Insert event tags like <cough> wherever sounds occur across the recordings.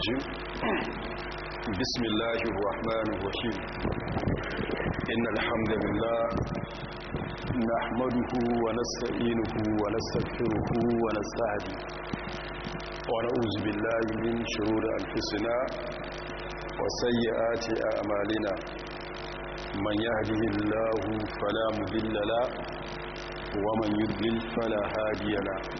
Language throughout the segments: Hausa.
الرجيم بسم الله الرحمن الرحيم إن الحمد لله نحمده ونستعينه ونستغفره ونستهدي ونعوذ بالله من شرور أنفسنا وسيئات أعمالنا من يهده الله فلا مذل له ومن يضلل فلا هادي له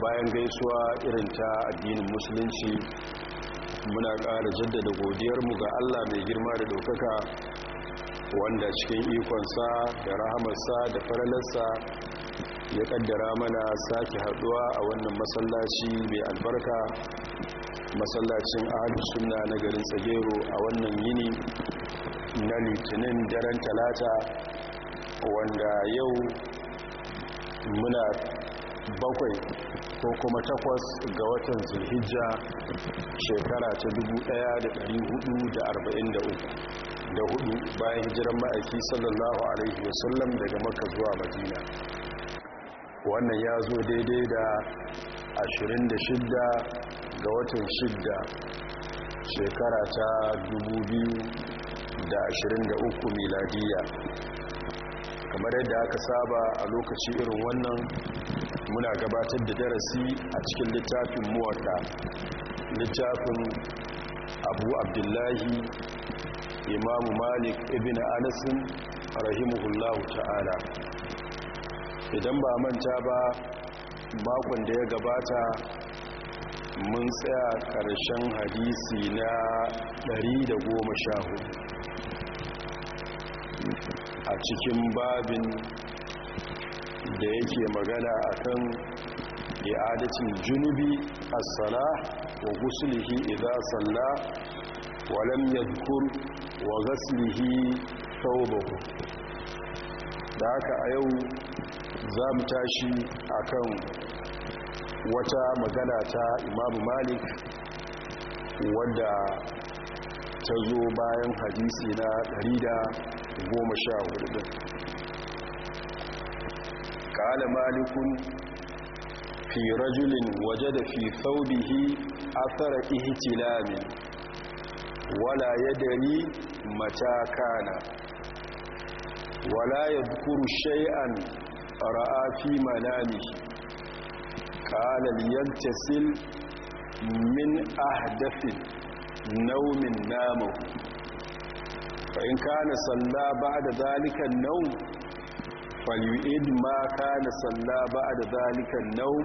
bayan gaisuwa irin ta addinin musulunci muna ƙara jaddada godiyarmu ga allah mai girma da ɗaukaka wanda cikin ikonsa da rahamarsa da faralarsa ya ƙaddara mana sake haɗuwa a wannan masallaci mai albarka masallacin ahadu suna na garin tsagero a wannan yini na litinin daren talata wanda yau muna bakwai ko kuma takwas ga watan zulhijja shekara ta 1443 da hudu bayan hijiran ma'aiki sallallahu alaihi wasallam daga maka zuwa madina wannan ya zo daidai da 26 ga watan 6 shekara ta 2023 miladiya kamar yadda aka saba a lokaci irin wannan muna gabatar da darasi a cikin littafin muwaka littafin abu abdullahi imamu malik ibn anasin rahimuhullahu ta'ala idan ba manta ba makon da ya gabata mun tsaya ƙarshen hadisi na 114 a cikin babin da yake magana a kan i'adatul junubi a sana wa gusulihi idan salla wa lam wa ghaslihi da haka a yau za mu tashi a kan wata magana ta imamu malik wadda ta zo bayan hadisi na 114 قال مالك في رجل وجد في ثوبه أثر اهتلام ولا يدري متى كان ولا يذكر شيئا رأى في منامه قال ليغتسل من أهدف نوم نامه فإن كان صلى بعد ذلك النوم falyu'id ma kana salla ba'd zalika an-nawm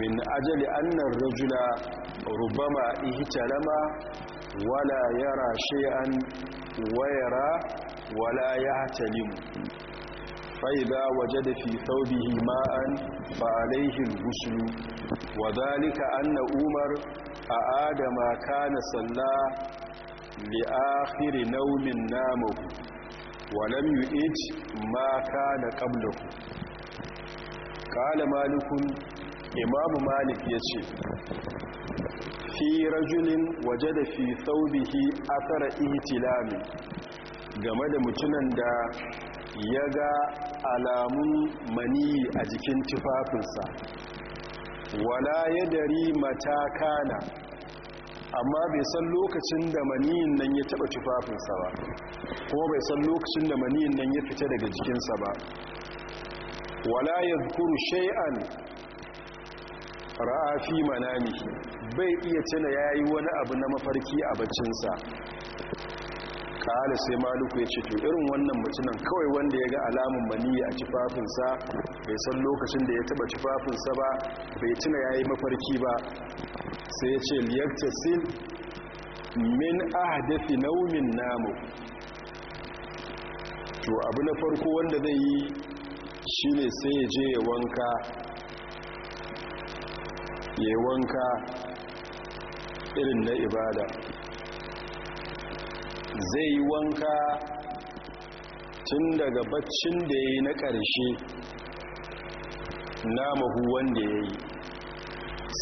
min ajali anna ar-rajula rubama ihtalama wala yara shay'an wa yara wala yahtalim fa idha wajada fi thawbihi ma'an fa alayhi al-ghusl wa dhalika anna umar a'ada ma kana salla li akhir nawmin namahu walam yu'it maka kana qablahu Kale malikun imamu malik yace fi rajulin wajada fi thawbihi athara ihtilami game da mutunan da ya ga alamun maniyi a jikin tufafinsa wala ya dari matakana amma bai san lokacin da maniyin nan ya taba tufafinsa ba kuma bai san lokacin da maniyin nan ya fita daga jikinsa ba wala yadhkuru shay'an ra'a fi miki. bai iya tana yayi wani abu na mafarki a bacinsa kala sai maluku ya ce to irin wannan mutumin kawai wanda ya ga alamun maniyi a tufafinsa bai san lokacin da ya taba tufafinsa ba bai tuna yayi mafarki ba sai ya ce liyaktasil min ahdafi naumin namu to abu na farko wanda zai yi shi ne sai ya je ya wanka irin na ibada zai yi wanka tun daga baccin da ya yi na ƙarshe na mahu wanda ya yi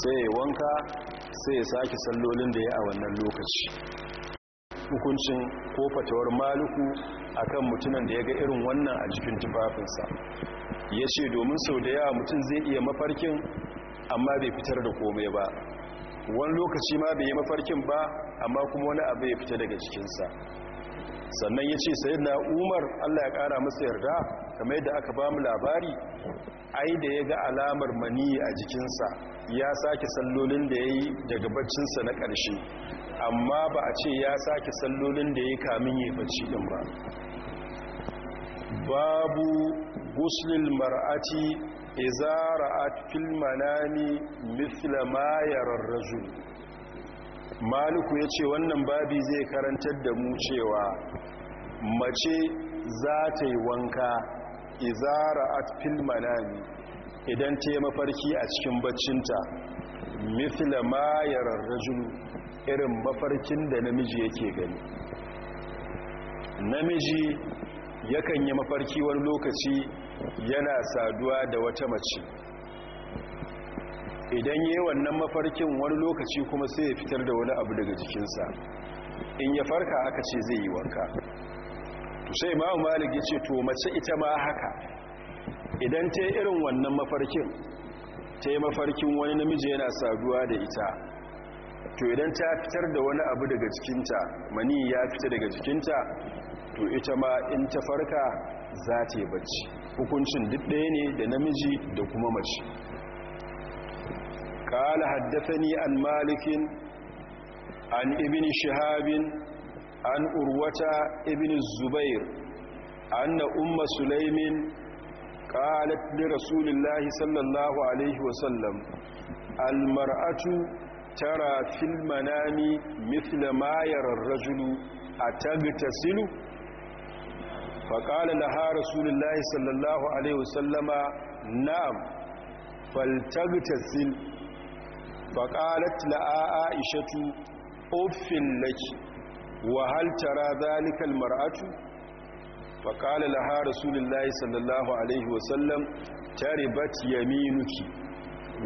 sai ya wanka sai ya sake sallolin da ya a wannan lokaci hukuncin ko fatawar maluku kan mutumin da ya ga irin wannan a jikin tufafinsa ya ce domin sau da yawa mutum zai iya mafarkin amma bai fitar da komai ba wani lokaci ma bai yi mafarkin ba amma kuma wani abu ya fita daga jikinsa. sannan ya ce sayi na umar allah ya kara masa yarda kamar yadda aka ba mu labari ai da ya ga alamar mani a jikinsa ya sake sallolin da ya yi daga baccinsa na ƙarshe amma ba a ce ya sake sallolin da ya kamin ya bacci ɗin ba babu guslil mar'ati izara atfil manami mithla ma yarar rajul maliku ya ce wannan babi zai karantar da mu cewa mace za ta yi wanka izara at fil idan ta mafarki a cikin baccinta mithla ma yarar irin mafarkin da namiji yake gani namiji yakan yi mafarki wani lokaci yana saduwa da wata mace idan yi wannan mafarkin wani lokaci kuma sai ya fitar da wani abu daga jikinsa in ya farka aka ce zai yi wanka sai imamu malik ce to mace ita ma haka idan ta irin wannan mafarkin ta yi mafarkin wani namiji yana saduwa da ita to idan ta fitar da wani abu daga cikinta mani ya fita daga cikinta to ita ma in ta farka za ta yi bacci hukuncin duk ɗaya ne da namiji da kuma mace ƙala ni an malikin an ibin shahabin an urwata ibn zubair anna umma sulaimin qalat li rasulillahi sallallahu alaihi wasallam almar'atu tara fil manami mithla ma yara ar-rajulu atagtasilu faqala laha rasulullahi sallallahu alaihi sallama, na'am faltagtasil faqalat la aishatu uffin laki Wahaltara hal tara zalika almar'atu fa qala laha rasulullahi sallallahu alaihi wa sallam taribat yaminuki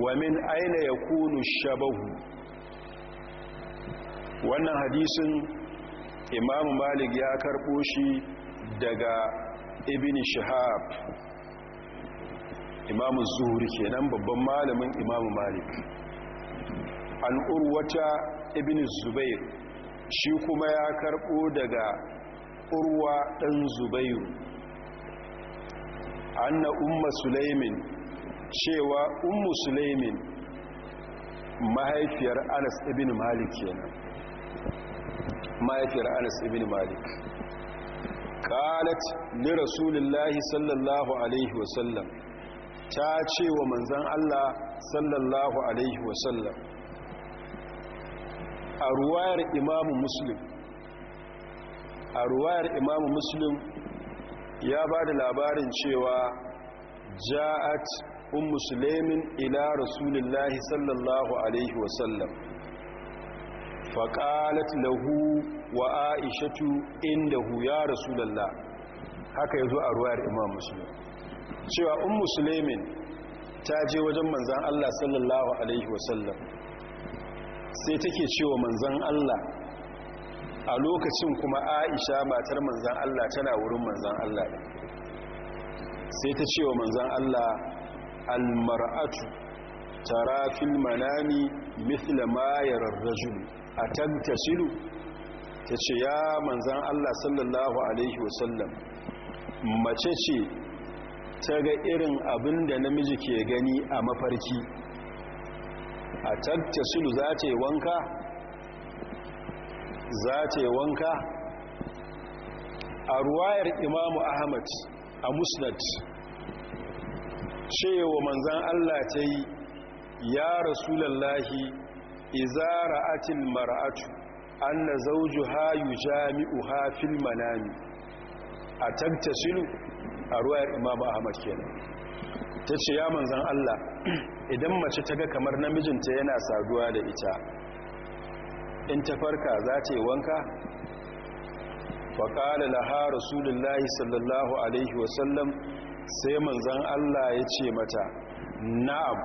wa min aina yakunu shabahu wannan hadisin imamu malik ya karɓo shi daga ibn shahab imamu zuhri kenan babban malamin imamu malik an urwata ibn zubair shi kuma ya karɓo daga urwa ɗan zubairu anna umma sulaimin cewa Umma sulaimin mahaifiyar anas ibn malik kenan mahaifiyar anas ibn malik qalat li rasulillahi sallallahu alaihi wasallam ta ce wa manzon Allah sallallahu alaihi wasallam a ruwayar imamu muslim a ruwayar imamu muslim ya ba da labarin cewa ja'at un musulmin ila rasulullahi sallallahu alaihi wasallam faƙalat lahu wa aishatu indahu ya rasulallah haka yanzu a ruwayar imamu muslim cewa un musulmin ta je wajen manzan allah sallallahu alaihi wasallam sai take cewa manzan Allah a lokacin kuma Aisha matar manzan Allah tana wurin manzan Allah sai ta cewa manzan Allah almar'atu tara fil manami mithla ma yarrajul rajul ta tace ya manzan Allah sallallahu alaihi wasallam mace ce ta ga irin abin da namiji ke gani a mafarki a tattasilu za ta wanka za ta wanka a ruwayar imamu ahmad a musnad cewa manzan allah ta yi ya rasulallahi izara atin mara'atu an na zauju hayu jami'u hafin manami a tattasilu a ruwayar imamu ahmad kenan ta ce ya manzan allah idan mace ta ga kamar namijinta yana saduwa da ita in ta farka za ta yi wanka faƙaɗa laha rasulullahi sallallahu alaihi wasallam sai manzan allah ya ce mata na'am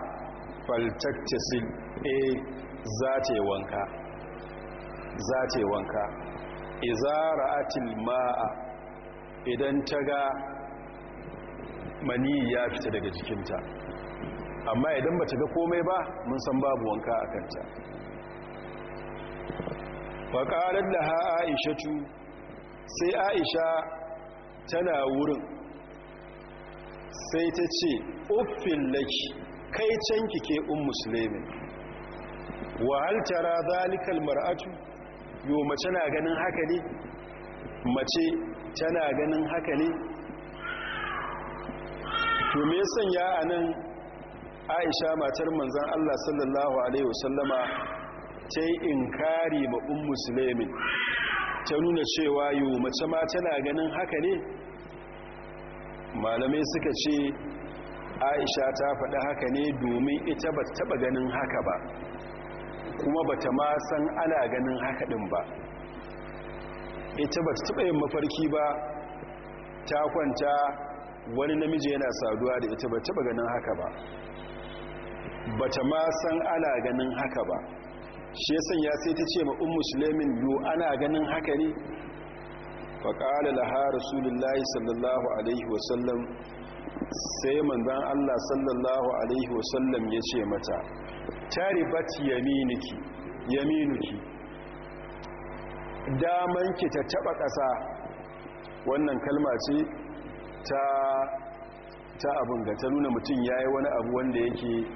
faltaktisil a eh, za ta yi wanka za ta yi wanka izara atil ma'a idan ta ga mani ya fita daga jikinta amma idan ba ta ga komai ba mun san babu wanka a kanta faƙarar da ha aisha tu sai aisha tana wurin sai ta ce uffin laki kai canki ke un musulmi wahal tara zalikal mar'atu yo mace na ganin haka ne mace tana ganin haka ne to me sanya anan aisha matar manzan allah sallallahu alaihi wasallama ta yi inkari ma'un musulmi ta nuna cewa yiwu mace ma tana ganin haka ne malamai suka ce aisha ta faɗi haka ne domin ita ba taɓa ganin haka ba kuma ba ta ma san ana ganin haka ɗin ba ita ba ta taɓa yin mafarki ba ta kwanta wani namiji yana saduwa da ita ba taɓa ganin haka ba ba ta ma san ana ganin haka ba shi yasan ya sai ta ce ma musulmin yiwu ana ganin haka ne faƙala laha rasulullahi sallallahu alaihi wasallam sai manzan allah sallallahu alaihi wasallam ya ce mata taribat yaminiki yaminuki damanki ta taɓa ƙasa wannan kalma ce ta ta abin ga ta nuna mutum ya yi wani abu wanda yake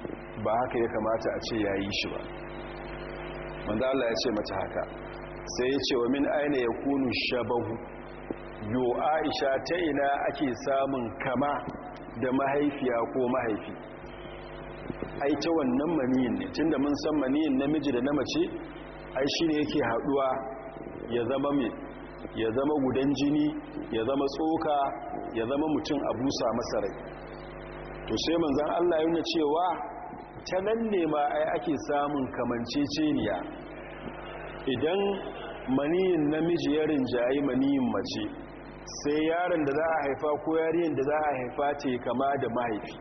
ba haka ya kamata a ce ya yi shi ba wanda Allah ya ce mace haka sai ya ce wa min aina ya kunu shabahu yo aisha ta ina ake samun kama da mahaifiya ko mahaifi ai ta wannan maniyin ne tun da mun san maniyin namiji da na mace ai shi ne yake haɗuwa ya zama mai ya zama gudan jini ya zama tsoka ya zama mutum a busa masa rai to sai manzan Allah yana cewa ta nan ne ma ai ake samun kamanceceniya idan maniyin namiji ya rinjayi maniyin mace sai yaron da za a haifa ko yariyan da za a haifa ce kama da mahaifi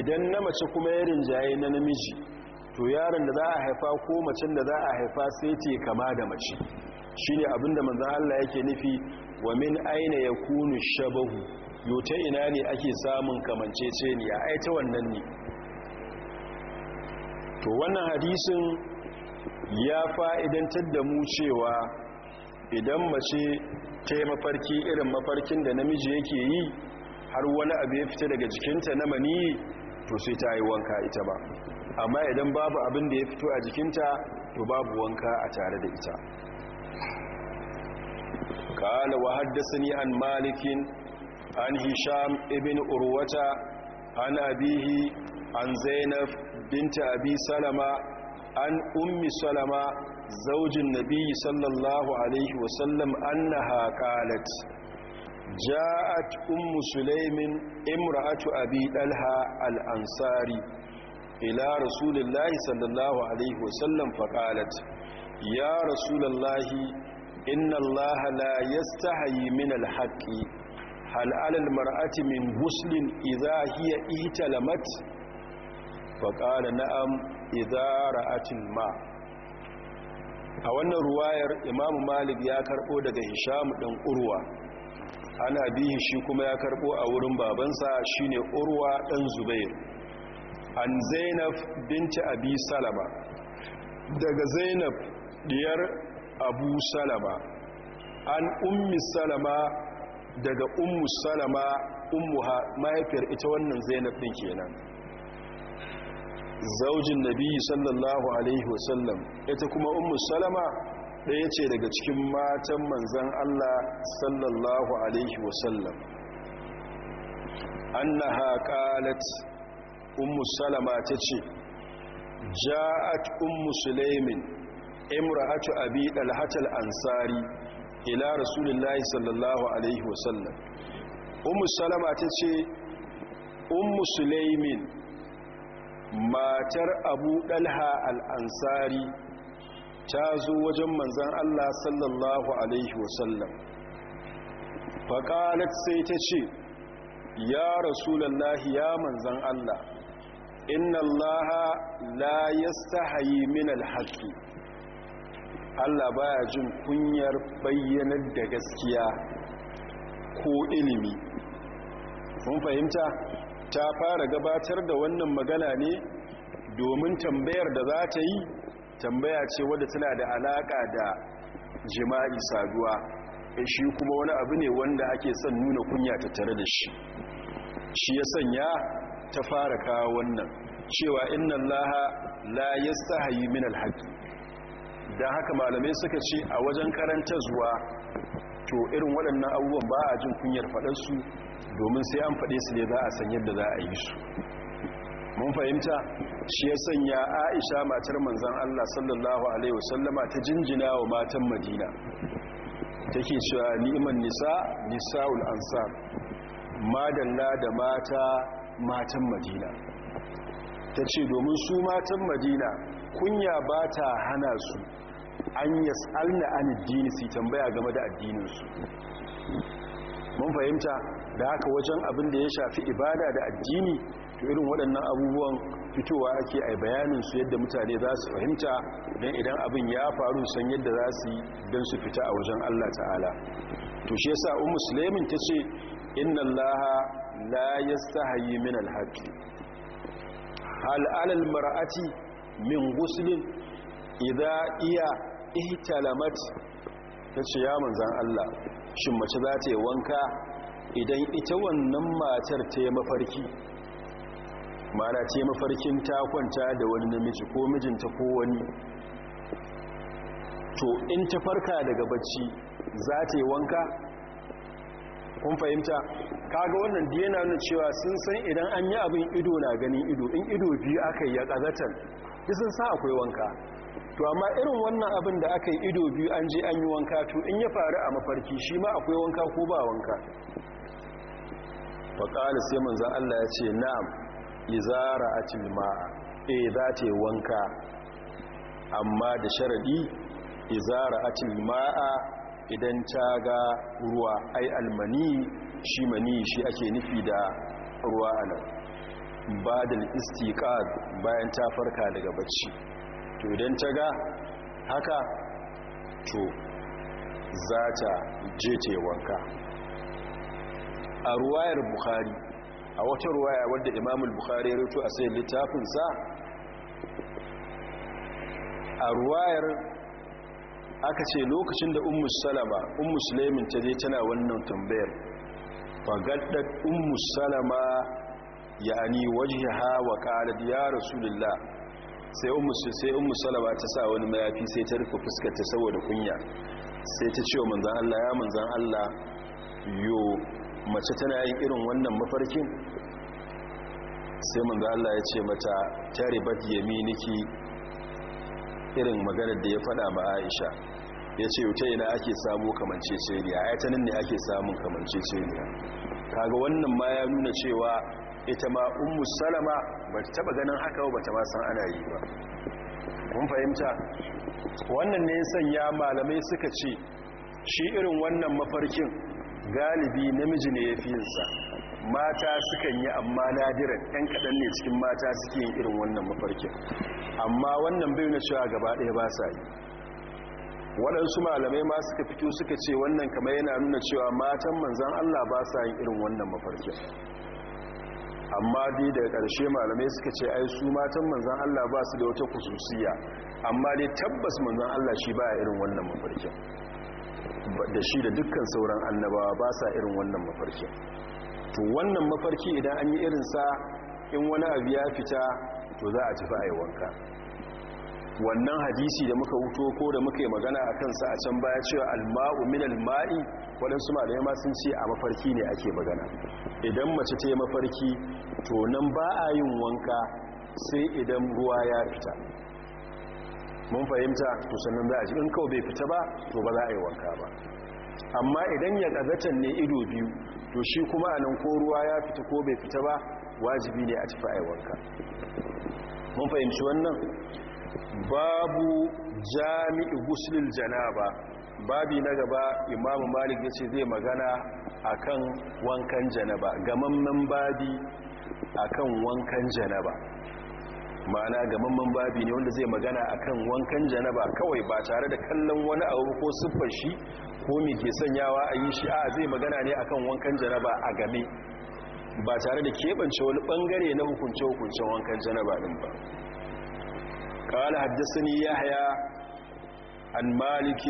idan na mace kuma ya rinjaye na namiji to yaron da za a haifa ko macen da za a haifa sai ce kama da mace shine abinda manzon Allah yake nufi wa min aina yakunu shabahu yota ina ne ake samun kamanceceniya ai ta wannan ne to wannan hadisin ya fa'idantar da mu cewa idan mace ta yi mafarki irin mafarkin da namiji yake yi har wani abu ya fita daga jikinta na mani, to sai ta yi wanka ita ba amma idan babu abin da ya fito a jikinta to babu wanka a tare da ita قال وحدثني عن مالك عن هشام ابن أروة عن أبيه عن زينب بنت أبي سلمة عن أم سلمة زوج النبي صلى الله عليه وسلم أنها قالت جاءت أم سليم امرأة أبي ألها الأنصاري إلى رسول الله صلى الله عليه وسلم فقالت ya rasulallahi inna Allah la 'yastahayi min alhaqi hal alal mar'ati min guslin idha hiya italamat fa qala na'am idha ra'atil ma a wannan ruwayar imamu malik ya karbo daga hisham ɗin urwa ana bihi shi kuma ya karbo a wurin babansa shine urwa ɗan zubair an zainab binti abi salama daga zainab diyar abu salama an ummi salama daga ummu salama ha mahaifiyar ita wannan zainab din kenan zaujin nabi sallallahu alaihi wasallam ita kuma ummu salama ɗaya ce daga cikin matan manzan Allah sallallahu alaihi wasallam annaha kalat ummu salama ta ce ja'at ummu sulaimin imra'atu abi dalhatal ansari ila rasulullahi sallallahu alaihi wasallam ummu salama tace ummu sulaimin matar abu dalha al-ansari ta zo wajen manzan Allah sallallahu alaihi wasallam faƙalat sai ta ce ya rasulallahi ya manzan Allah inna allaha la yastahayi min al-haqqi allah baya jin kunyar bayyanar da gaskiya ko ilimi mun fahimta ta fara gabatar da wannan magana ne domin tambayar da za ta yi tambaya ce wadda tana da alaƙa da jima'i saduwa eh, shi kuma wani abu ne wanda ake son nuna kunya ta tare da shi shi ya sanya ta fara kawo wannan cewa inna allaha la hayi min alhaki. da haka malamai suka ce a wajen karanta zuwa to irin waɗannan abubuwan ba a jin kunyar faɗarsu domin sai an faɗe su ne za a san yadda za a yi su mun fahimta shi ya sanya aisha matar manzan allah sallallahu alaihi wasallama ta jinjina wa matan madina ta ke cewa ni'imar nisa nisa'ul ansar madalla da mata matan madina ta ce domin su matan madina kunya ba ta hana su an yas'alna an addini su tambaya game da addininsu mun fahimta da haka wajen abin da ya shafi ibada da addini to irin waɗannan abubuwan fitowa ake a bayanin su yadda mutane za su fahimta don idan abin ya faru san yadda za su yi don su fita a wajen Allah ta'ala to shi yasa ummu ta ce inna allaha la yastahi min alhaq hal mara'ati mar'ati min guslin idha iya ihtalamat ta ce ya manzan Allah shin mace za ta yi wanka idan ita wannan matar ta yi mafarki mara ta yi mafarkin ta kwanta da wani namiji ko mijinta ko wani to in ta farka daga bacci za ta yi wanka kun fahimta kaga wannan yana nuna cewa sun san idan an yi abin ido na ganin ido in ido biyu aka yi ya ƙazatar isin sa akwai wanka to amma irin wannan abin da aka yi ido biyu an je an yi wanka to in ya faru a mafarki shi ma akwai wanka ko ba wanka faƙali sai manzan Allah ya ce na'am izara a cilma e eh, za ta wanka amma da sharaɗi izara a a idan ta ga ruwa ai almani shi mani shi ake nufi da ruwa a nan ba da istiƙa bayan ta farka daga bacci to idan ta ga haka to za ta je ce wanka a ruwayar bukhari a wata ruwaya wadda imamul bukhari ya rito a sai littafinsa a ruwayar aka ce lokacin da ummu salama ummu sulaimin ta je tana wannan tambayar fagaddar ummu salama ya ni wajiha wa ya rasulullah sai ummu salama ta sa wani mayafi sai ta rufe fuskarta saboda kunya sai ta ce wa manzan Allah ya manzan Allah yo mace tana yin irin wannan mafarkin sai manzan Allah ya ce mata tare bat yaminiki irin maganar da ya faɗa ma Aisha ya ce ta ina ake samu kamanceceniya ayatanin ne ake samun kamanceceniya kaga wannan ma ya nuna cewa ita ma ummu salama ba ta taba ganin haka ba ta ma san ana yi ba kun fahimta wannan ne sanya malamai suka ce shi irin wannan mafarkin galibi namiji ne yafi fi yinsa mata sukan yi amma nadiran ɗan kaɗan ne cikin mata suke yin irin wannan mafarkin amma wannan bai na cewa gaba ɗaya ba sa yi waɗansu malamai ma suka fito suka ce wannan kamar yana nuna cewa matan manzan allah ba sa yin irin wannan mafarkin amma dai daga ƙarshe malamai suka ce ai su matan manzan Allah ba su da wata kususiya amma dai tabbas manzan Allah shi ba irin wannan mafarkin da shi da dukkan sauran annabawa ba sa irin wannan mafarkin to wannan mafarki idan an yi sa in wani abu ya fita to za a tafi a yi wanka wannan hadisi da muka wuto ko da muka yi magana a kansa a can baya cewa alma'u min alma'i waɗansu malamai ma sun ce a mafarki ne ake magana idan mace ta yi mafarki to nan ba a yin wanka sai idan ruwa ya fita mun fahimta to sannan za a ji in kawai bai fita ba to ba za a yi wanka ba amma idan ya ƙazatan ne ido biyu to shi kuma a nan ko ruwa ya fita ko bai fita ba wajibi ne a tafi a yi wanka mun fahimci wannan babu jami'i guslil janaba babi na gaba imamu malik ya ce zai magana akan wankan janaba gamamman babi akan wankan janaba ma'ana gamamman babi ne wanda zai magana akan wankan janaba kawai ba tare da kallon wani abu ko siffar shi ko mai ke sanyawa a yi shi a zai magana ne akan wankan janaba a game ba tare da keɓance wani ɓangare na hukunce-hukuncen wankan janaba ɗin ba قال حدثني يحيى عن مالك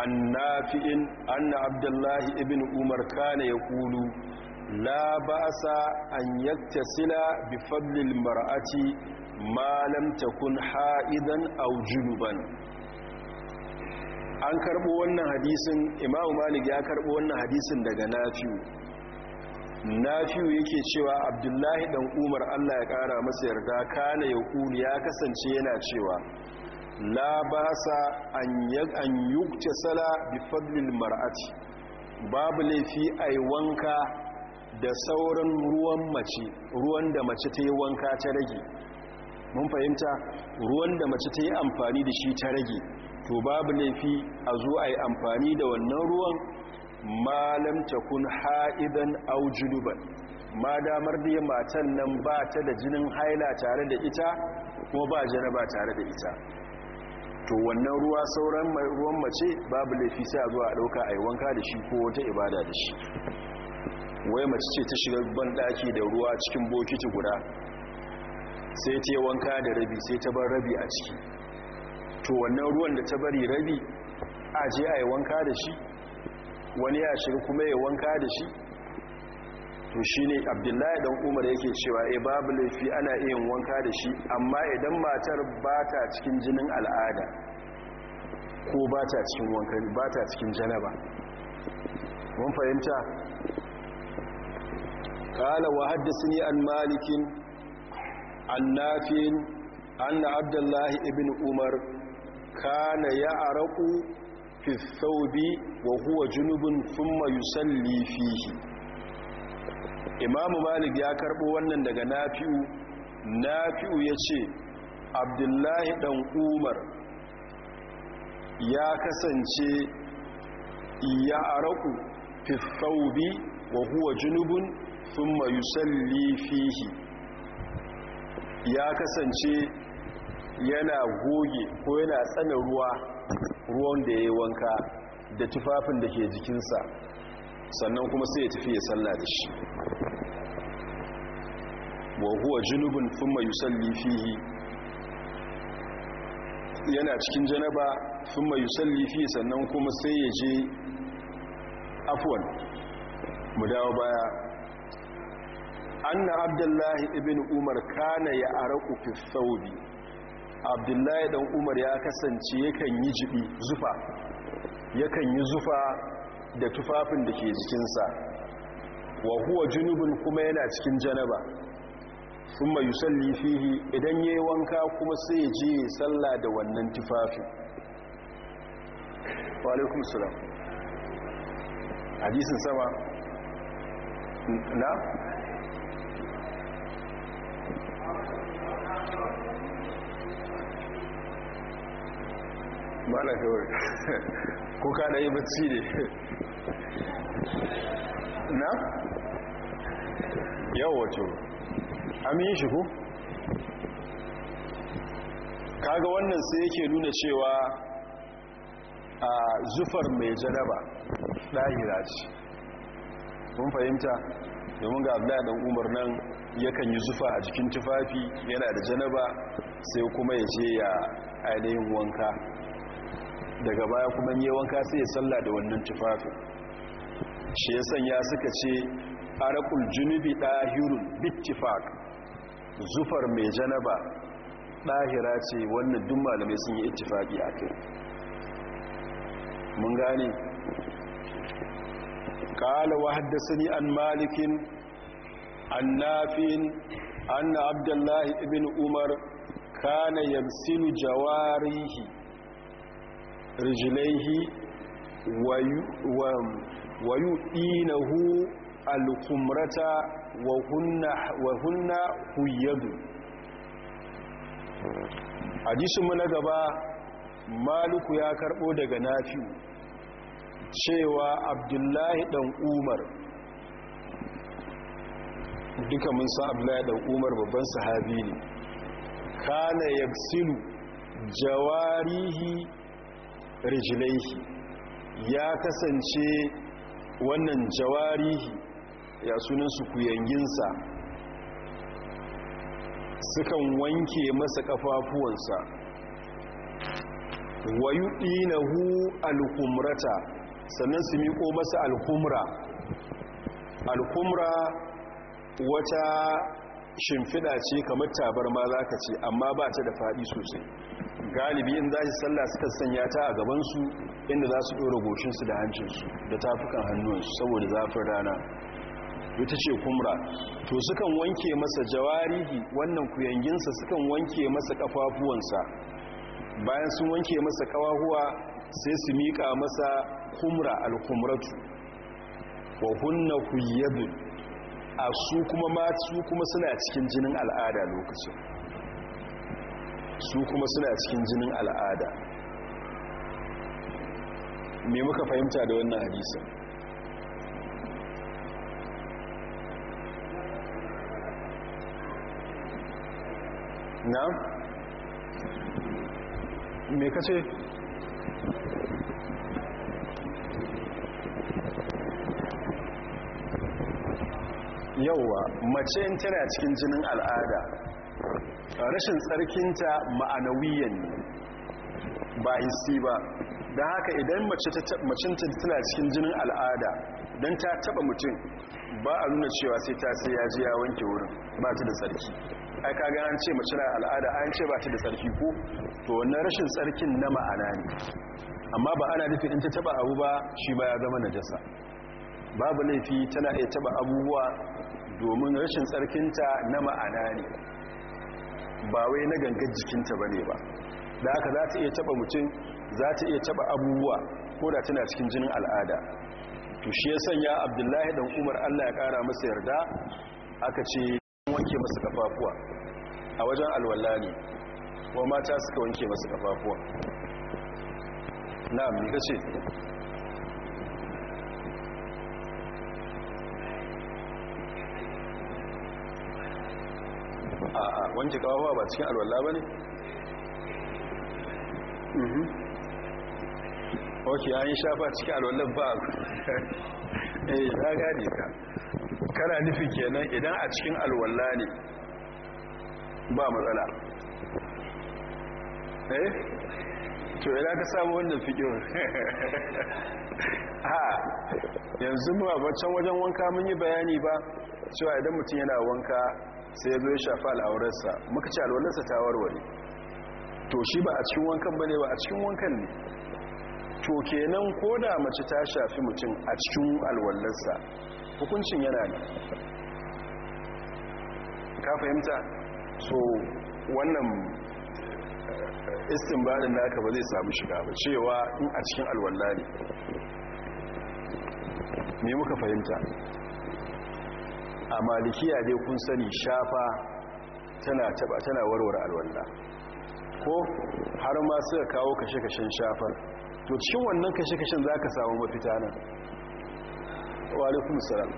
عن نافع أن عبد الله ابن عمر كان يقول لا بأس أن يتصل بفضل المرأة ما لم تكن حائدا أو جنبا an karbo wannan hadisin imamu malik ya karbo wannan hadisin daga nafi'u Na nafi'u yake cewa abdullahi dan umar allah ya kara masa yarda kana ya kuli ya kasance yana cewa la ba sa an yukce sala bi fadlil mar'ati babu laifi a yi wanka da sauran ruwan mace ruwan da mace ta yi wanka ta rage mun fahimta ruwan da mace ta yi amfani da shi ta rage to babu laifi a zo a yi amfani da wannan ruwan malam takun ha'idan aw junuban ma damar da matan nan ba ta da jinin haila tare da ita kuma ba janaba tare da ita to wannan ruwa sauran mai ruwan mace babu laifi sai a zo a dauka a wanka da shi ko wata ibada da shi wai mace ce ta shiga banɗaki da ruwa cikin bokiti guda sai ta wanka da rabi sai ta bar rabi a ciki to wannan ruwan da ta bari rabi a je a wanka da shi wani ya shiga kuma ya wanka da shi to shi ne abdullahi dan umar yake cewa e babu laifi ana iya wanka da shi amma idan matar ba ta cikin jinin al'ada ko ba ta cikin wanka ba ta cikin janaba mun fahimta kala وحدثني عن an عن نافع na Abdullahi ibn Umar, kana ya araku? fi saudi wa huwa junubun thumma yusalli fihi imamu malik ya karbo wannan daga nafi'u nafi'u ya ce abdullahi dan umar ya kasance ya araku fi saudi wa huwa junubun thumma yusalli fihi ya kasance yana goge ko yana tsana ruwa ruwan da ya yi wanka da tufafin da ke jikinsa sannan kuma sai ya tafi ya salla da shi wa huwa junubun thumma yusalli fihi yana cikin janaba thumma yusalli fihi sannan kuma sai ya je afwan mu dawo baya anna abdullahi ibn umar kana ya araku fi thawbi abdullahi dan umar ya kasance yakan yi jibi zufa yakan yi zufa da tufafin da ke jikinsa wa huwa junubun kuma yana cikin janaba thumma yusalli fihi idan yayi wanka kuma sai ya je sallah da wannan tufafin wa alaikum salam hadisin sama na ba na kawai ko ka da yi bacci ne na yawa wato. amin shi ku kaga wannan sai yake nuna cewa a zufar mai janaba ɗahira ce mun fahimta domin ga abu dan umar nan yakan yi zufa a jikin tufafi yana da janaba sai kuma ya ce ya ainihin wanka daga baya kuma yi wanka sai ya salla da wannan tufafi. shi ya sanya suka ce arakul junubi ɗahirun bittifak zufar mai janaba ɗahira ce wannan duk malamai sun yi ittifaki a kai mun gane ƙala wa haddasa ni an malikin an nafin an na abdullahi ibn umar kana Yamsinu jawarihi rijilaihi wa yi al-kumrata wa hunna huyadu hadisinmu na gaba maluku ya karbo daga nafi'u cewa abdullahi dan umar duka mun sa abdullahi dan umar babban sahabi ne kana yaksilu jawarihi rijilaihi ya kasance wannan jawarihi ya sunan su kuyanginsa sukan wanke masa kafafuwansa wayu dinahu alhumrata sannan su miƙo masa alhumra alhumra wata shimfida ce kamar tabarma za ka ce amma ba ta da faɗi sosai galibi in za su sallah suka sanya ta a gabansu inda za su ɗora goshinsu da hancinsu da tafukan hannunsu saboda zafin rana ita ce kumra to sukan wanke masa jawarihi wannan kuyanginsa sukan wanke masa kafafuwansa bayan sun wanke masa kawahuwa sai su miƙa masa kumra alkumratu wa hunna a su kuma su kuma suna cikin jinin al'ada lokacin su kuma suna cikin jinin al'ada me muka fahimta da wannan hadisin na me kace yauwa mace tana cikin jinin al'ada rashin tsarkinta ma'anawiyan ba isi ba da haka idan macinta tana cikin jinin al'ada don ta taba mutum ba a nuna cewa sai ta sai ya ji yawon wanke wurin ba ta da tsarki ai ka an ce mace na al'ada an ce ba ta da tsarki ko to wannan rashin tsarkin na ma'ana ne amma ba ana nufin in ta taba abu ba shi ba ya zama najasa babu laifi tana iya taba abubuwa domin rashin tsarkinta na ma'ana ne ba wai na gangar jikinta ba ne ba da aka za ta iya taba mutum za ta iya taba abubuwa ko da tana cikin jinin al'ada to shi ya sanya abdullahi dan umar allah ya kara masa yarda aka ce wanke masa kafafuwa a wajen alwala ne kuma mata suka wanke masa kafafuwa na amurka ce a wanke kawawa ba cikin alwala ba ne mhm. ok an yi shafa cikin alwala ba <laughs> eh ya gane ka kana nufin kenan idan a cikin alwala ne ba matsala eh to yana ka samu wannan fikin ha <laughs> yanzu ba can wajen wanka mun yi bayani ba cewa idan mutum yana wanka sai ya zo ya shafa al'aurarsa muka ci alwalarsa ta warware to shi ba a cikin wankan ba ne ba a cikin wankan ne to kenan ko da mace ta shafi mutum a cikin alwalarsa hukuncin yana ne ka fahimta so wannan eh, istinbarin da ba zai samu shiga ba cewa in a cikin alwallah ne me muka fahimta a malikiya dai kun sani shafa tana taba tana warware alwala ko har ma suka kawo kashe-kashen shafar to cikin wannan kashe-kashen za ka samu mafita nan wa alaikum salam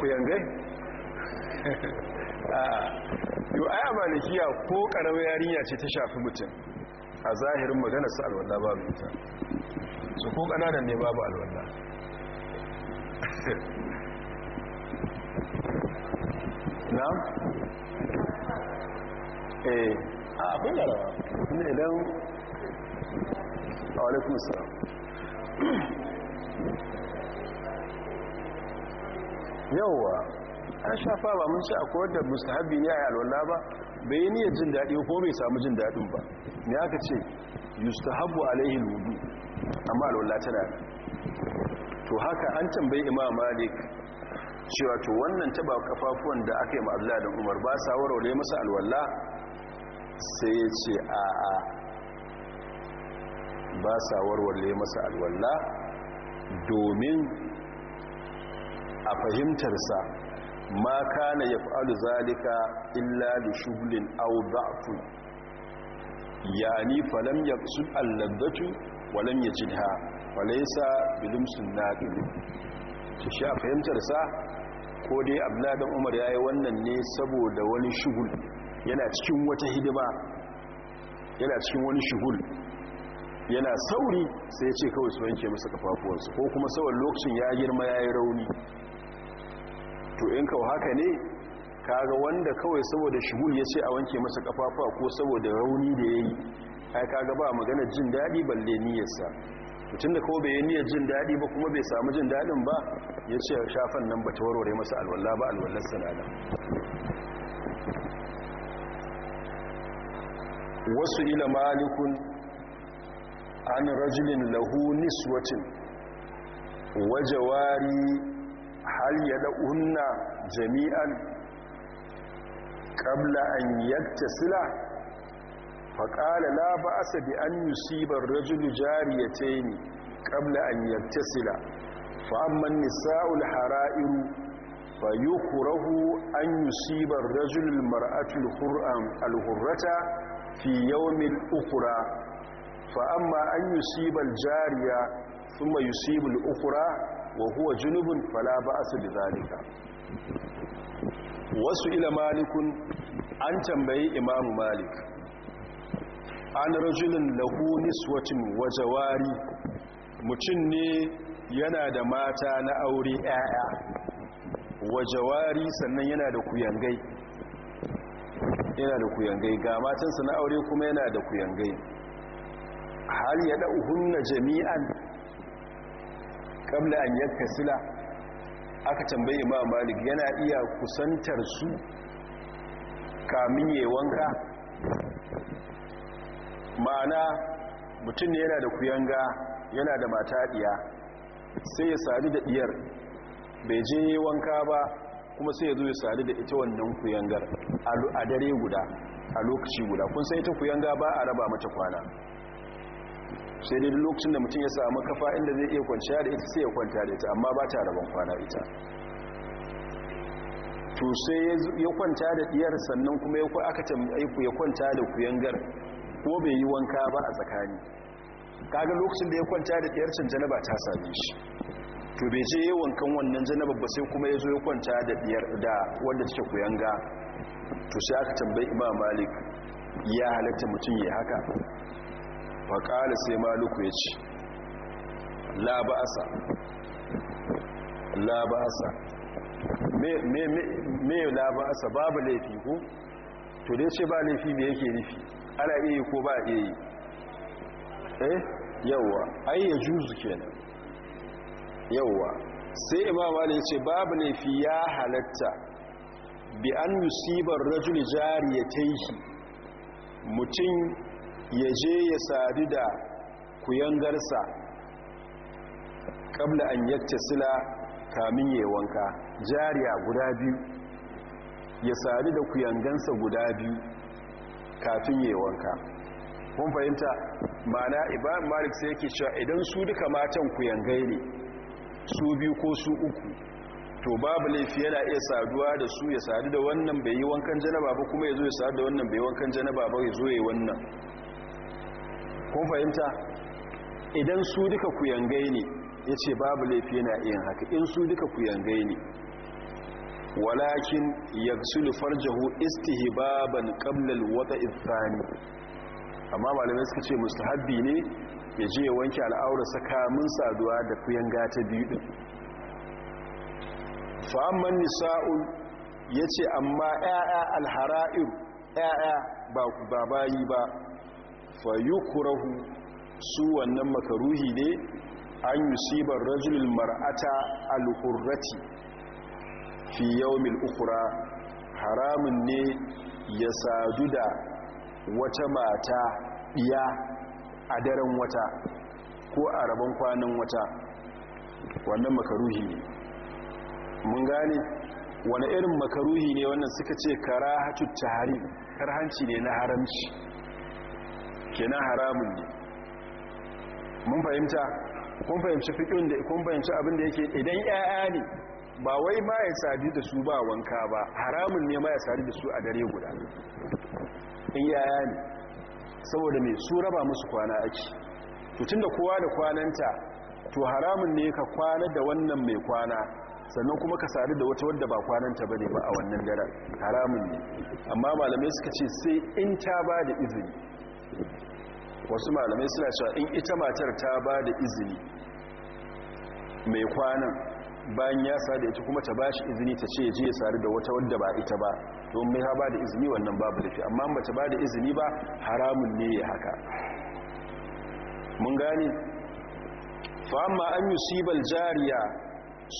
ku yangai? <laughs> yau ai a malikiya ko karamar yarinya ce ta shafi mutum a zahirin maganar su alwallah babu ita su ko kananan ne babu alwala muslim na? eh a abin da rawa ne idan a wani kusa yauwa an shafa ba mun ce a kowar da mustahabi ne a yalwala ba bai yi niyyar jin daɗi ko bai samu jin daɗin ba ne aka ce yustahabu alaihi lulu amma alwala tana to haka an tambayi imam malik cewa to wannan taba kafafuwan da aka yi ma'abla da umar ba sa warware masa alwalla sai ya ce a a ba sa warware masa alwalla domin a fahimtarsa ma kana ya fa'alu zalika illa da shugulin au ya ni falam ya su allabdatu walam ya jidha falaisa bilimsun na bilim su sha fahimtarsa ko dai abladan umar ya yi wannan ne saboda wani shugul yana cikin wata hidima yana cikin wani shugul yana sauri sai ya ce kawai su wanke masa kafafuwarsu ko kuma sauwar lokacin ya girma ya yi rauni to in kawo haka ne ka ga wanda kawai saboda shugul ya ce a wanke masa kafafuwa ko saboda rauni da ya yi ai kaga ba magana jin daɗi balle niyarsa tun da kawai bai yi niyyar jin daɗi ba kuma bai samu jin daɗin ba ya ce shafan nan ba ta warware masa alwallah ba alwallar sanada wasu ila malikun an rajulin lahu niswacin wajawari hal ya da'unna jami'an ƙabla an yadda sila. فقال لا بأس بأن يصيب الرجل جاريتين قبل أن qabla فأما النساء الحرائر فيكره أن يصيب الرجل المرأة الهرة في يوم الأخرى فأما أن يصيب الجارية ثم يصيب الأخرى وهو جنب فلا بأس بذلك وسئل مالك أن تنبي إمام مالك an rajulun lahu niswatin wa jawari mutum ne yana da mata na aure 'ya'ya wa jawari sannan yana da kuyangai yana da kuyangai ga matansa na aure kuma yana da kuyangai hal ya da'uhunna jami'an kabla an yanka sila aka tambayi imam malik yana iya kusantar su kamin yayi wanka ma'ana mutum ne yana da kuyanga yana da mata ɗiya sai ya sadu da ɗiyar bai je wanka ba kuma sai ya zo ya sadu da ita wannan kuyangar a dare guda a lokaci guda kun sai ta kuyanga ba a raba mata kwana sai dai lokacin da mutum ya samu kafa inda zai iya kwanciya da ita sai ya kwanta da ita amma ba ta raban kwana ita to sai ya kwanta da diyar sannan kuma ya aka ya kwanta da kuyangar ko bai yi wanka ba a tsakani kaga lokacin da ya kwanta da ɗiyarcin janaba ta sami shi to bai je yi wankan wannan janaba ba sai kuma ya zo ya kwanta da ɗiyar da wanda take kuyanga to sai aka tambayi imam malik ya halatta mutum ya haka Ba ƙala sai maluku ya ce la ba'asa la ba'asa me la babu laifi ko. to dai ce ba laifi me yake nufi ana iya yi ko ba a iya yi eh yawwa ai ya juzu kenan yawwa sai imam ali ya ce babu laifi ya halatta bi an musibar rajul jariyataihi mutum ya je ya sadu da kuyangarsa kabla an sila kamin yayin wanka jariya guda biyu ya sadu da kuyangansa guda biyu kafin yi wanka kun fahimta mana ibrahim malik sai yake cewa idan su duka matan ku yangai ne su biyu ko su uku to babu laifi yana iya saduwa da su ya sadu da wannan bai yi wankan janaba ba kuma ya zo ya sadu da wannan bai yi wankan janaba ba ya zo ya yi wannan kun fahimta idan su duka ku yangai ne ya ce babu laifi yana iya haka in su duka ku yangai ne walakin yaksulu farjahu istihbaban qabla alwada'i thani amma malamai suka ce mustahabbi ne ya je ya wanke al'aurarsa kamun saduwa da kuyanga ta biyu din fa amma nisa'un yace amma ya'a alhara'ir ya'a ba babayi ba fa yukrahu su wannan makaruhi ne an yusibar rajulul mar'ata alhurrati fi yawmin ukura haramun ne ya sadu da wata mata iya a daren wata ko a rabon kwanan wata wannan makaruhi ne mun gane wani irin makaruhi ne wannan suka ce kara hatu tahari karhanci ne na haramci ke na haramun ne mun fahimta kun fahimci fikin da kun fahimci abin da yake idan 'ya'ya ne ba wai ma ya sadu da su ba wanka ba haramun ne ma ya sadu da su a dare guda in yaya ne saboda mai su raba musu kwana ake tutun da kowa da kwananta to haramun ne ka kwana da wannan mai kwana sannan kuma ka sadu da wata wadda ba kwananta ba ne ba a wannan daren haramun ne amma malamai suka ce sai in ta ba da izini wasu malamai suna cewa in ita matar ta ba da izini mai kwanan bayan ya sa da ita kuma ta bashi izini ta ce je ya sadu da wata wadda ba ita ba don mai ha ba da izini wannan babu lafi amma ba ta ba da izini ba haramun ne ya haka mun gane fama an yi sibal jariya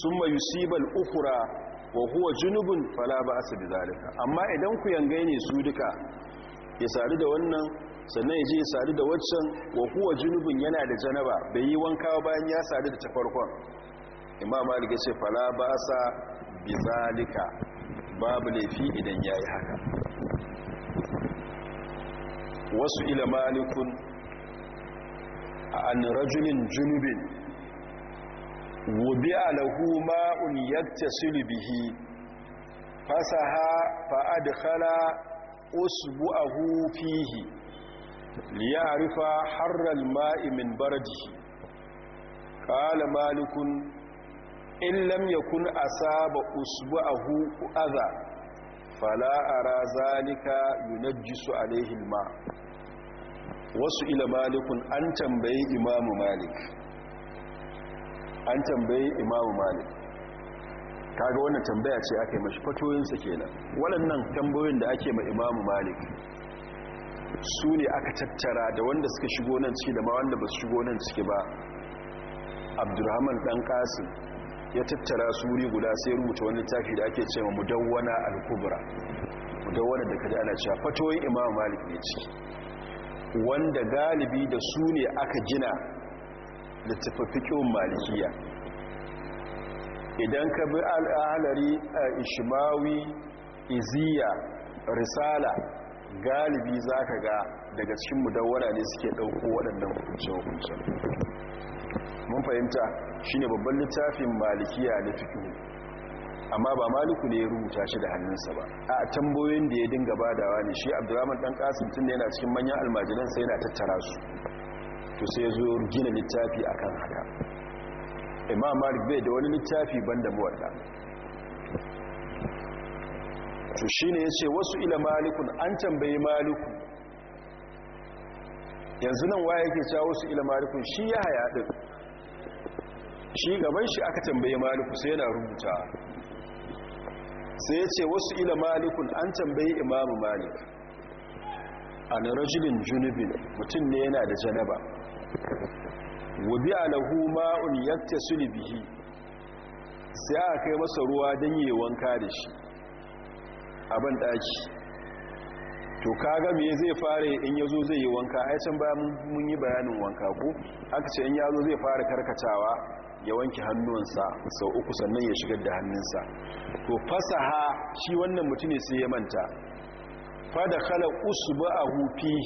sun ma sibal ukura wa huwa junubun fala ba a sabi zalika amma idan ku yanga ne su duka ya sadu da wannan sannan ya je ya sadu da waccan wa huwa junubun yana da janaba bai yi wanka bayan ya sadu da ta farkon imam malik yace fala ba sa bizalika babu laifi idan yayi haka wasu ila malikun an rajulin junubin wubi alahu ma'un yattasilu bihi fasaha fa adkhala usbu'ahu fihi liya'rifa harra al-ma'i min bardihi qala malikun in lam yakun asaba a adha fala ara zalika yunajjisu alaihi ma wasu ila malikun an tambayi imamu malik an tambayi imamu malik kaga wannan tambaya ce aka yi mashi fatoyinsa kenan waɗannan tambayoyin da ake ma imamu malik su ne aka tattara da wanda suka shigo nan ciki da ma wanda ba su shigo nan ciki ba abdurrahman ɗan ƙasim ya tattara suri guda sai rubuta wani littafi da ake cewa mudawwana al-kubra mudawwana da kaji ana cewa fatoyi imam malik ne ci wanda galibi da su ne aka gina littafafikin malikiya idan ka bi al'alari a ishimawi iziya risala galibi za ka ga daga cikin mudawwana ne suke ɗauko waɗannan kuncewa-kuncewa. mun fahimta shine babban littafin malikiya na fikihu amma ba maliku ne ya rubuta shi da hannunsa ba a tambayoyin da ya dinga badawa ne shi abdurrahman dan kasim tun da yana cikin manyan almajiran sai yana tattara su to sai zo gina littafi akan haka imam malik bai da wani littafi ban da muwadda to shine yace wasu ila malikun an tambayi maliku yanzu nan waye yake cewa wasu ila malikun shi ya haya din shi gaban shi aka tambaye maliku sai yana rubuta sai ya ce wasu ila malikun an tambaye imamu malik A na rajulin junubin mutum ne yana da janaba wabi lahu ma'un yadda sulbihi sai a kai masa ruwa don yi wanka da shi a ban to kaga me zai fara in yazo zai yi wanka a can bayan mun yi bayanin wanka ko aka ce in yazo zai fara karkatawa ya wanke hannunsa sau uku sannan ya shigar da hannunsa to fasaha shi wannan mutum ne sai ya manta fada usba a fihi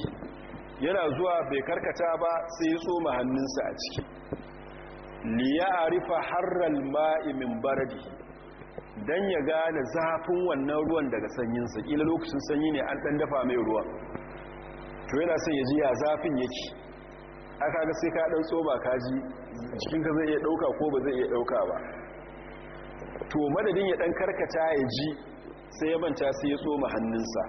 yana zuwa bai karkata ba sai ya tsoma hannunsa a ciki a harral ma'i min Baradi. don ya gane zafin wannan ruwan daga sanyinsa ƙila lokacin sanyi ne an ɗan dafa mai ruwa to yana son ya ji ya zafin yake aka ga sai ka dan tsoba kaji jikinka zai iya dauka ko ba zai iya dauka ba to madadin ya dan karkata ya ji sai ya manta sai ya tsoma hannunsa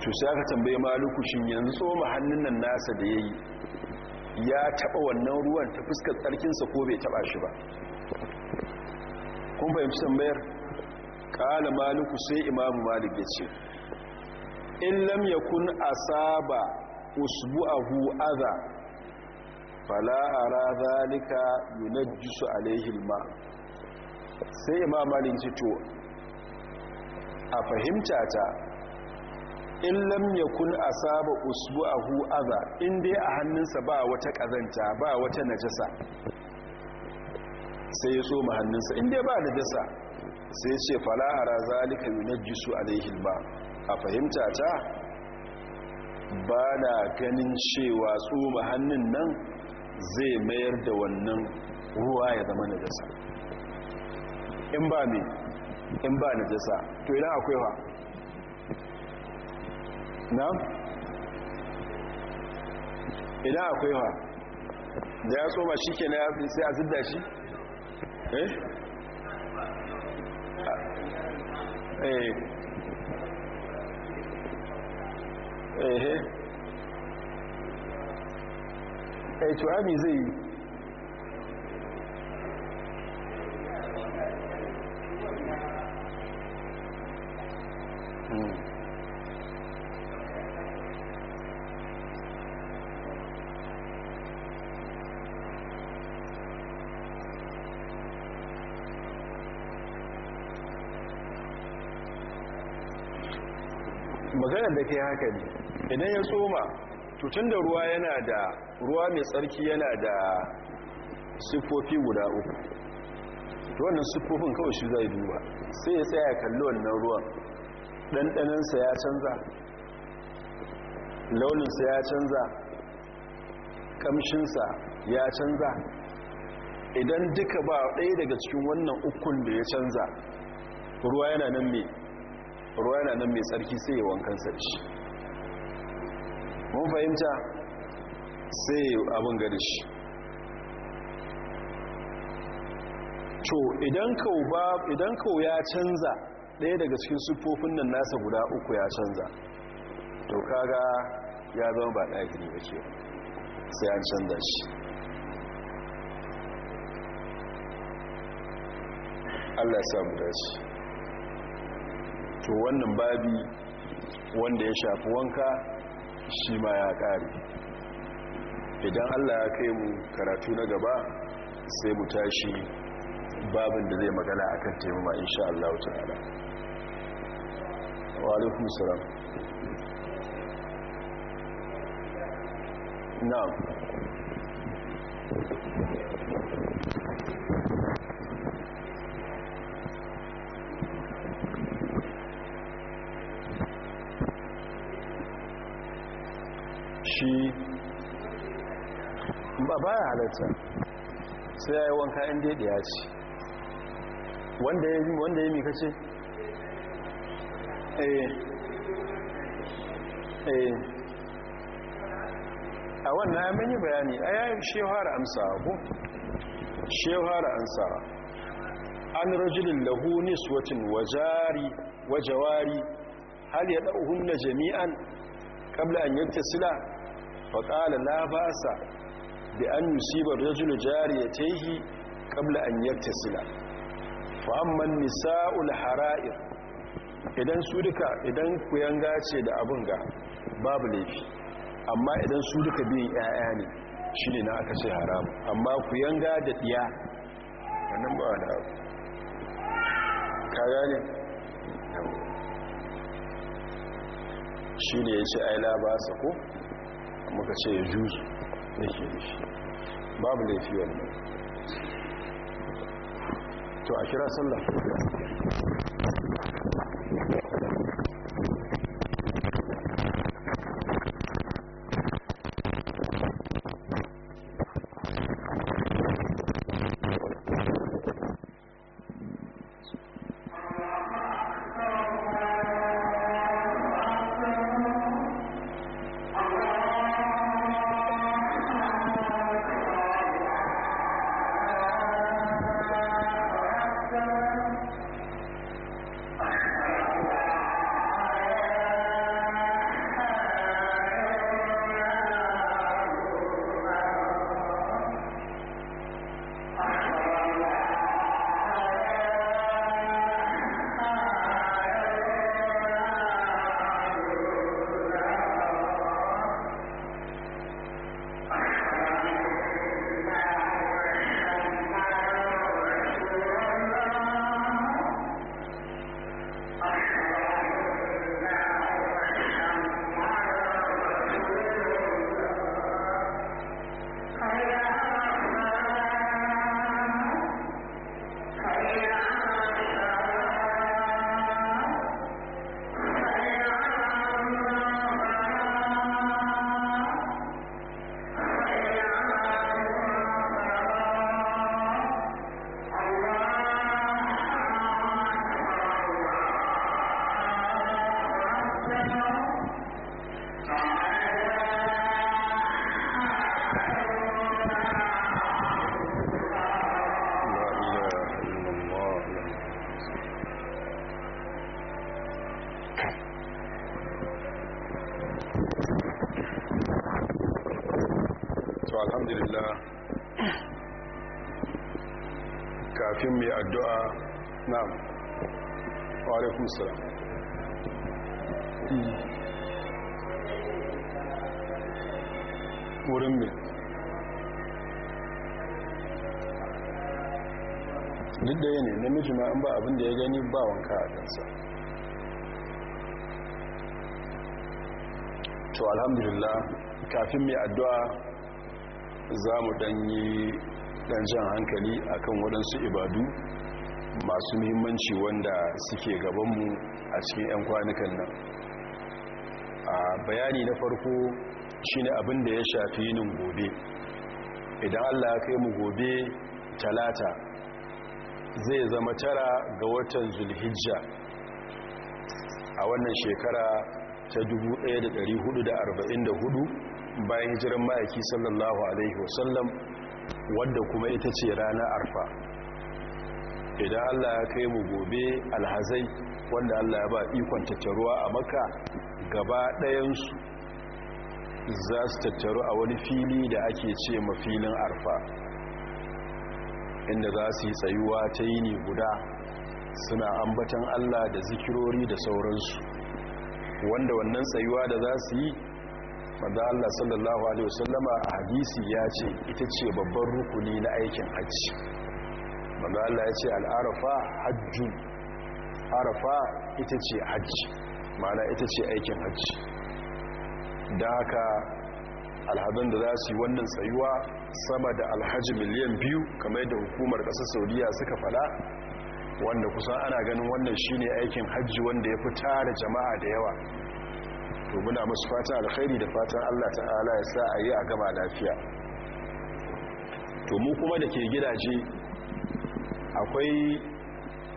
to sai aka tambaye maluku shin yanzu tsoma hannun nan nasa da yayi ya taba wannan ruwan ta fuskar tsarkinsa ko bai taba shi ba kun fahimci tambayar kala maluku sai imamu malik ya ce in lam yakun asaba usbu'ahu adha fala ara zalika yunajjisu alayhi alma sai imam malik ce to a fahimta ta in lam yakun asaba usbu'ahu adha in dai a hannunsa ba wata kazanta ba wata najasa sai ya tsoma hannunsa in dai ba najasa sai ya ce fala ara zalika yunajjisu alayhi alma a fahimta ta ba na ganin cewa tsoma hannun nan zai mayar da wannan ruwa ya zama na jasa in ba ne, in ba na jasa to idan akwai wa na? idan akwai wa da ya tsoma shi ke na ya fi sai a zidda shi? eh? eh ehe eh to ami zai yi hmm. magana da ke haka ne idan ya tsoma tutun da ruwa yana da ruwa mai tsarki yana da siffofi guda uku wannan siffofin kawai shi zai duba sai ya tsaya kalli wannan ruwan ɗanɗaninsa ya canza launinsa ya canza ƙamshinsa ya canza idan duka ba ɗaya daga cikin wannan ukun da ya canza ruwa yana nan mai tsarki sai ya wankan sarki mun fahimta sai abin gari shi to idan kau ya canza ɗaya daga cikin siffofin nan nasa guda uku ya canza to kaga ya zama ba ɗahiri ba ke sai an canza shi allah ya samu shi to wannan babi wanda ya shafi wanka shi ma ya ƙare idan allah ya kai mu karatu na gaba sai mu tashi babin da zai magana a kan taimama insha allah ta'ala wa salam na shi ba ya halatta sai ya yi wanka inda ya ɗaya ce wanda ya yi wanda ya mika ce eh. Eh. a wannan ya mini bayani a yayin shehara amsa ko shehara amsa an rajulun lahunis watin wajari wajawari hal ya ɗauhun na jami'an kabla an yadda sila faƙala la ba sa da an yusibar rajulu jari ya tehi ƙabla an yarta sila fa'amman nisa'ul hara'ir idan su duka idan kuyanga ce da abin ga babu laifi amma idan su duka biyan 'ya'ya ne shi ne na aka ce haramu amma kuyanga da ɗiya wannan ba wani abu ka gane shi ne ya ce ai labasa ko muka ce ya juzu da ke da shi babu laifi wannan to a kira sallah salam wurin mai duk da yanayi namiji ma an ba abin da ya gani ba wanka a ɗansa to alhamdulillah kafin mai addu'a za mu ɗanyi ɗan jan hankali akan waɗansu ibadu masu muhimmanci wanda suke gabanmu a cikin 'yan kwanukan nan a bayani na farko shine abin da ya shafi yinin gobe idan allah ya kai mu gobe talata zai zama tara ga watan zulhijja a wannan shekara ta 1444 bayan hijiran ma'aiki sallallahu alaihi wasallam wadda kuma ita ce rana arfa idan allah ya kai mu gobe alhazai wanda allah ya ba ikon tattaruwa a maka gaba ɗayansu za su tattaru a wani fili da ake ce mafilin arfa inda za su yi tsayuwa ta ne guda suna ambatan allah da zikirori da sauransu wanda wannan tsayuwa da za su yi wanda Allah sallallahu Alaihi wasallama a hadisi ya ce ita ce babban rukuni na aikin hajji manzo Allah ya ce al'arafa hajju arafa ita ce hajji ma'ana ita ce aikin hajji da haka alhazan da za su yi wannan tsayuwa sama da alhaji miliyan biyu kamar yadda hukumar ƙasar saudiya suka fada wanda kusan ana ganin wannan shine aikin hajji wanda ya fi tara jama'a da yawa to muna musu fatan alkhairi da fatan Allah ta'ala ya sa a yi a gaba lafiya to mu kuma da ke gidaje akwai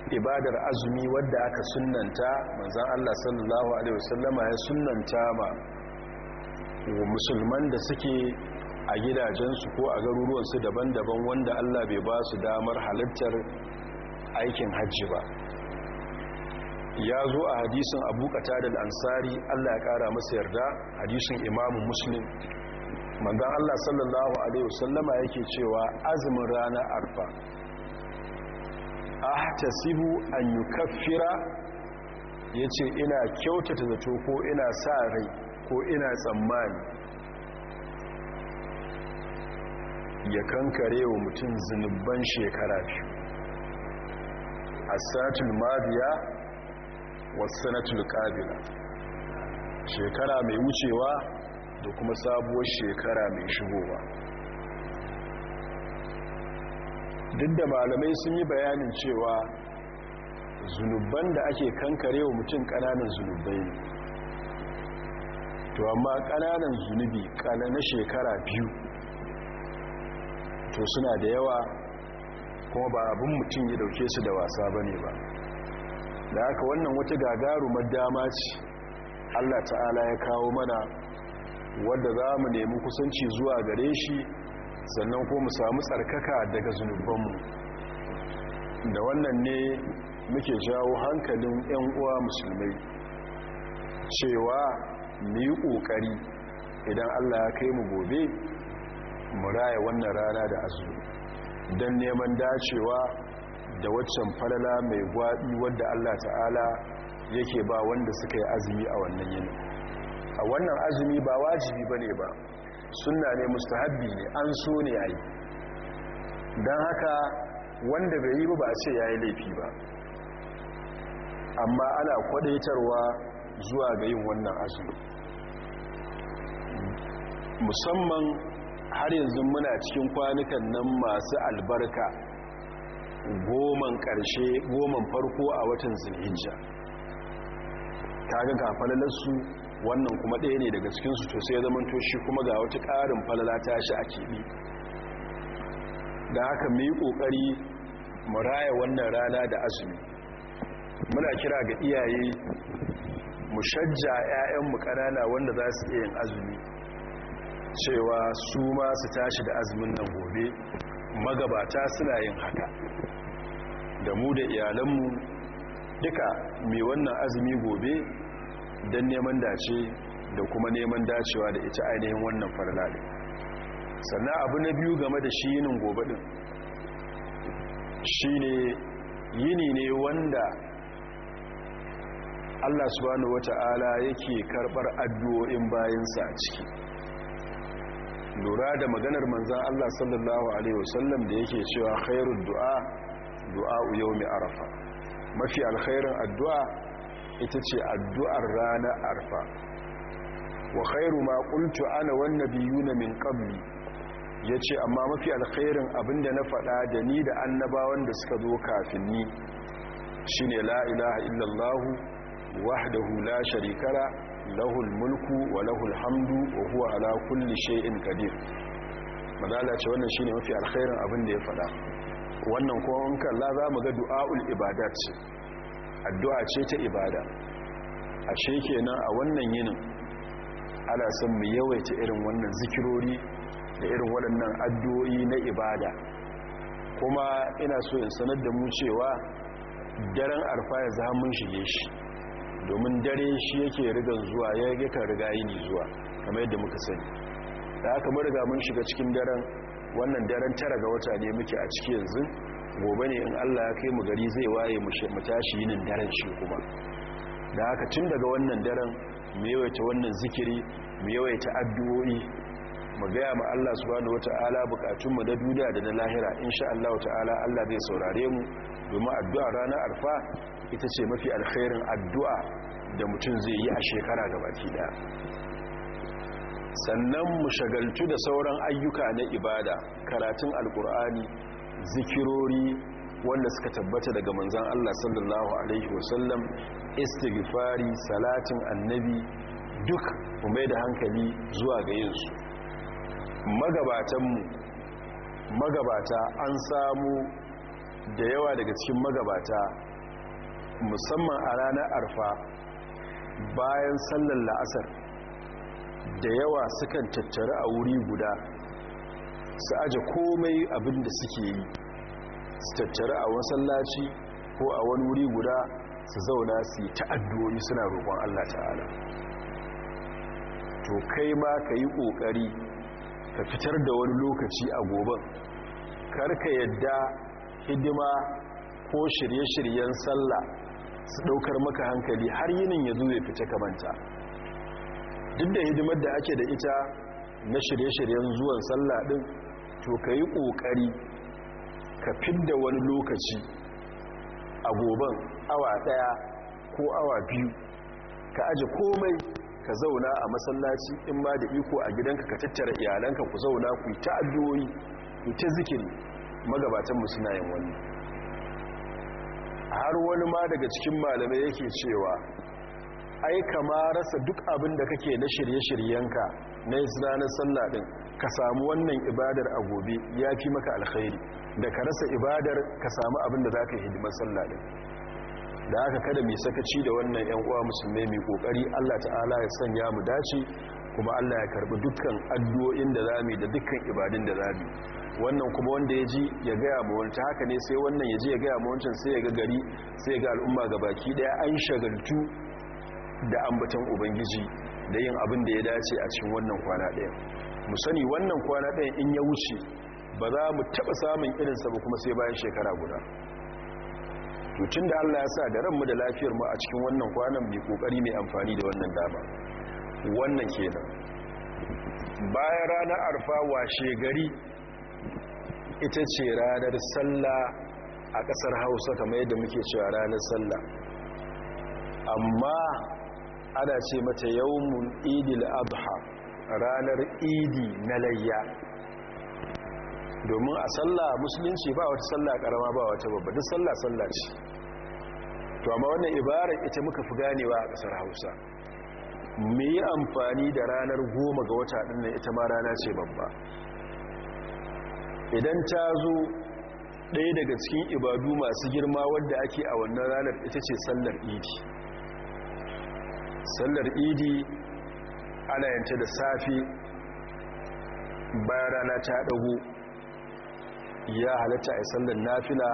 ibadar azumi wadda aka sunanta manzan Allah sallallahu alaihi wasallama ya sunanta wa musulman da suke a gidajensu ko a garuruwansu daban-daban wanda Allah bai ba su damar halittar aikin hajji ba ya zo a hadisin abu da ansari Allah ya kara masa yarda hadisin imamu muslim manzan Allah sallallahu alaihi wasallama yake cewa azumin ranar arfa ahtasibu an ya ce ina kyautata zato ko ina sa rai ko ina tsammani ya kankare wa mutum zunubban shekara shi. A satin mabiya wasu wasanatul qabila shekara mai wucewa da kuma sabuwar shekara mai shigowa duk da malamai sun yi bayanin cewa zunuban da ake kankare wa mutum ƙananan zunubai ne to amma ƙananan zunubi ƙana na shekara biyu to suna da yawa kuma ba abin mutum ya dauke su da wasa ba ne ba da haka wannan wata gagarumar dama ce allah ta'ala ya kawo mana wadda za mu nemi kusanci zuwa gare shi sannan ko mu samu tsarkaka daga zunubanmu da wannan ne muke jawo hankalin 'yan uwa musulmai cewa mu yi ƙoƙari idan allah ya kai mu gobe mu raya wannan rana da azu don neman dacewa da waccan falala mai gwaɗi wadda allah ta'ala yake ba wanda suka yi azumi a wannan yini a wannan azumi ba wajibi ba ne ba sunna ne mustahabbi ne an so ne a yi don haka wanda bai yi ba ba ce ya yi laifi ba amma ana kwadaitarwa zuwa ga yin wannan azumi musamman har yanzu muna cikin kwanukan nan masu albarka goman ƙarshe goman farko a watan zilhijja ta ga kafalalarsu wannan kuma ɗaya ne daga cikinsu to sai zama to shi kuma ga wata ƙarin falala ta shi a keɓe da haka mu ƙoƙari mu wannan rana da azumi muna kira ga iyaye mu shajja 'ya'yanmu ƙanana wanda za su iya yin azumi cewa su ma su tashi da azumin nan gobe magabata suna yin haka da mu da iyalanmu duka mai wannan azumi gobe don neman dace da kuma neman dacewa da ita ainihin wannan farla sannan abu na biyu game da shi yinin gobe ɗin shi ne yini ne wanda allah subhanahu wata'ala yake karɓar addu'o'in bayansa a ciki lura da maganar manzan allah sallallahu alaihi wasallam da yake cewa khairun du'a du'a yau mai arafa mafi alkhairun addu'a ita ce addu'ar rana arfa wa khairu ma qultu ana biyu na min ya yace amma mafi alkhairin abinda na faɗa da ni da annabawan da suka zo kafin ni shine la ilaha illallahu wahdahu la sharika lahul mulku wa lahul hamdu wa huwa ala kulli shay'in qadir madala ce wannan shine mafi alkhairin abinda ya faɗa wannan kuma in kalla za mu ga du'aul ibadat addu'a ce ta ibada a kenan a wannan yinin ana son mu yawaita irin wannan zikirori da irin waɗannan addu'o'i na ibada kuma ina so in sanar da mu cewa daren arfa ya mun shige shi domin dare shi yake rigar zuwa ya yakan riga yini zuwa kamar yadda muka sani da aka mun riga mun shiga cikin daren wannan daren tara ga wata ne muke a ciki yanzu gobe ne in allah ya kai mu gari zai waye mu tashi yinin daren shi kuma da haka tun daga wannan daren mu yawaita wannan zikiri mu yawaita addu'o'i mu gaya ma allah subhanahu wata'ala bukatun mu na duniya da na lahira insha allah ta'ala allah zai saurare mu domin addu'a ranar arfa ita ce mafi alkhairin addu'a da mutum zai yi a shekara gabaki daya sannan mu shagaltu da sauran ayyuka na ibada karatun alkur'ani zikirori wanda suka tabbata daga manzan Allah sallallahu alaihi wasallam istighfari salatin annabi duk mu mai da hankali zuwa ga yinsu magabatanmu magabata an samu da yawa daga cikin magabata musamman a ranar arfa bayan sallar la'asar da yawa sukan tattara a wuri guda su aje komai abin da suke yi su tattara a masallaci ko a wani wuri guda su zauna su yi ta'addu'o'i suna roƙon Allah ta'ala to kai ma ka yi ƙoƙari ka fitar da wani lokaci a goban ka yadda hidima ko shirye-shiryen sallah su ɗaukar maka hankali har yinin ya zuwa fice kamanta duk da hidimar da ake da ita na shirye-shiryen zuwan sallah ɗin to ka yi ƙoƙari ka fidda wani lokaci a goban awa ɗaya ko awa biyu ka aji komai ka zauna a masallaci in ma da iko a gidanka ka tattara iyalanka ku zauna ku ta addu'o'i ku ta zikiri magabatanmu suna yin wani har wani ma daga cikin malamai yake cewa ai kama rasa duk abin da kake na shirye-shiryenka na ranar sallah din ka samu wannan ibadar a gobe ya fi maka alkhairi da ka rasa ibadar ka samu abin da za ka hidimar sallah din da aka kada mai sakaci da wannan 'yan uwa musulmai mai kokari allah ta'ala ya sanya mu dace kuma allah ya karbi dukkan addu'o'in da zamu da dukkan ibadun da zamu wannan kuma wanda ya ji ya gaya ma wancan haka ne sai wannan ya ji ya gaya ma wancan sai ya ga gari sai ya ga al'umma ga baki daya an shagaltu da ambatan ubangiji da yin abin da ya dace a cikin wannan kwana ɗaya mu sani wannan kwana ɗaya in ya wuce ba za mu taɓa samun irinsa ba kuma sai bayan shekara guda tutun da allah ya sa da ranmu da lafiyar mu a cikin wannan kwanan mai ƙoƙari mai amfani da wannan dama wannan ke nan. bayan ranar arfa washe gari ita ce ranar sallah a ƙasar hausa kamar yadda muke cewa ranar sallah amma ana ce mata yawmul idil adha ranar idi na layya domin a sallah musulunci ba wata sallah karama ba wata babba duk sallah sallah ce to amma wannan ibarar ita muka fi ganewa a kasar Hausa Mu yi amfani da ranar goma ga wata ɗin ita ma rana ce babba idan ta zo ɗaya daga cikin ibadu masu girma wadda ake a wannan ranar ita ce sallar idi sallar idi ana yanta da safi bayan rana ta ɗago ya halatta a sallar nafila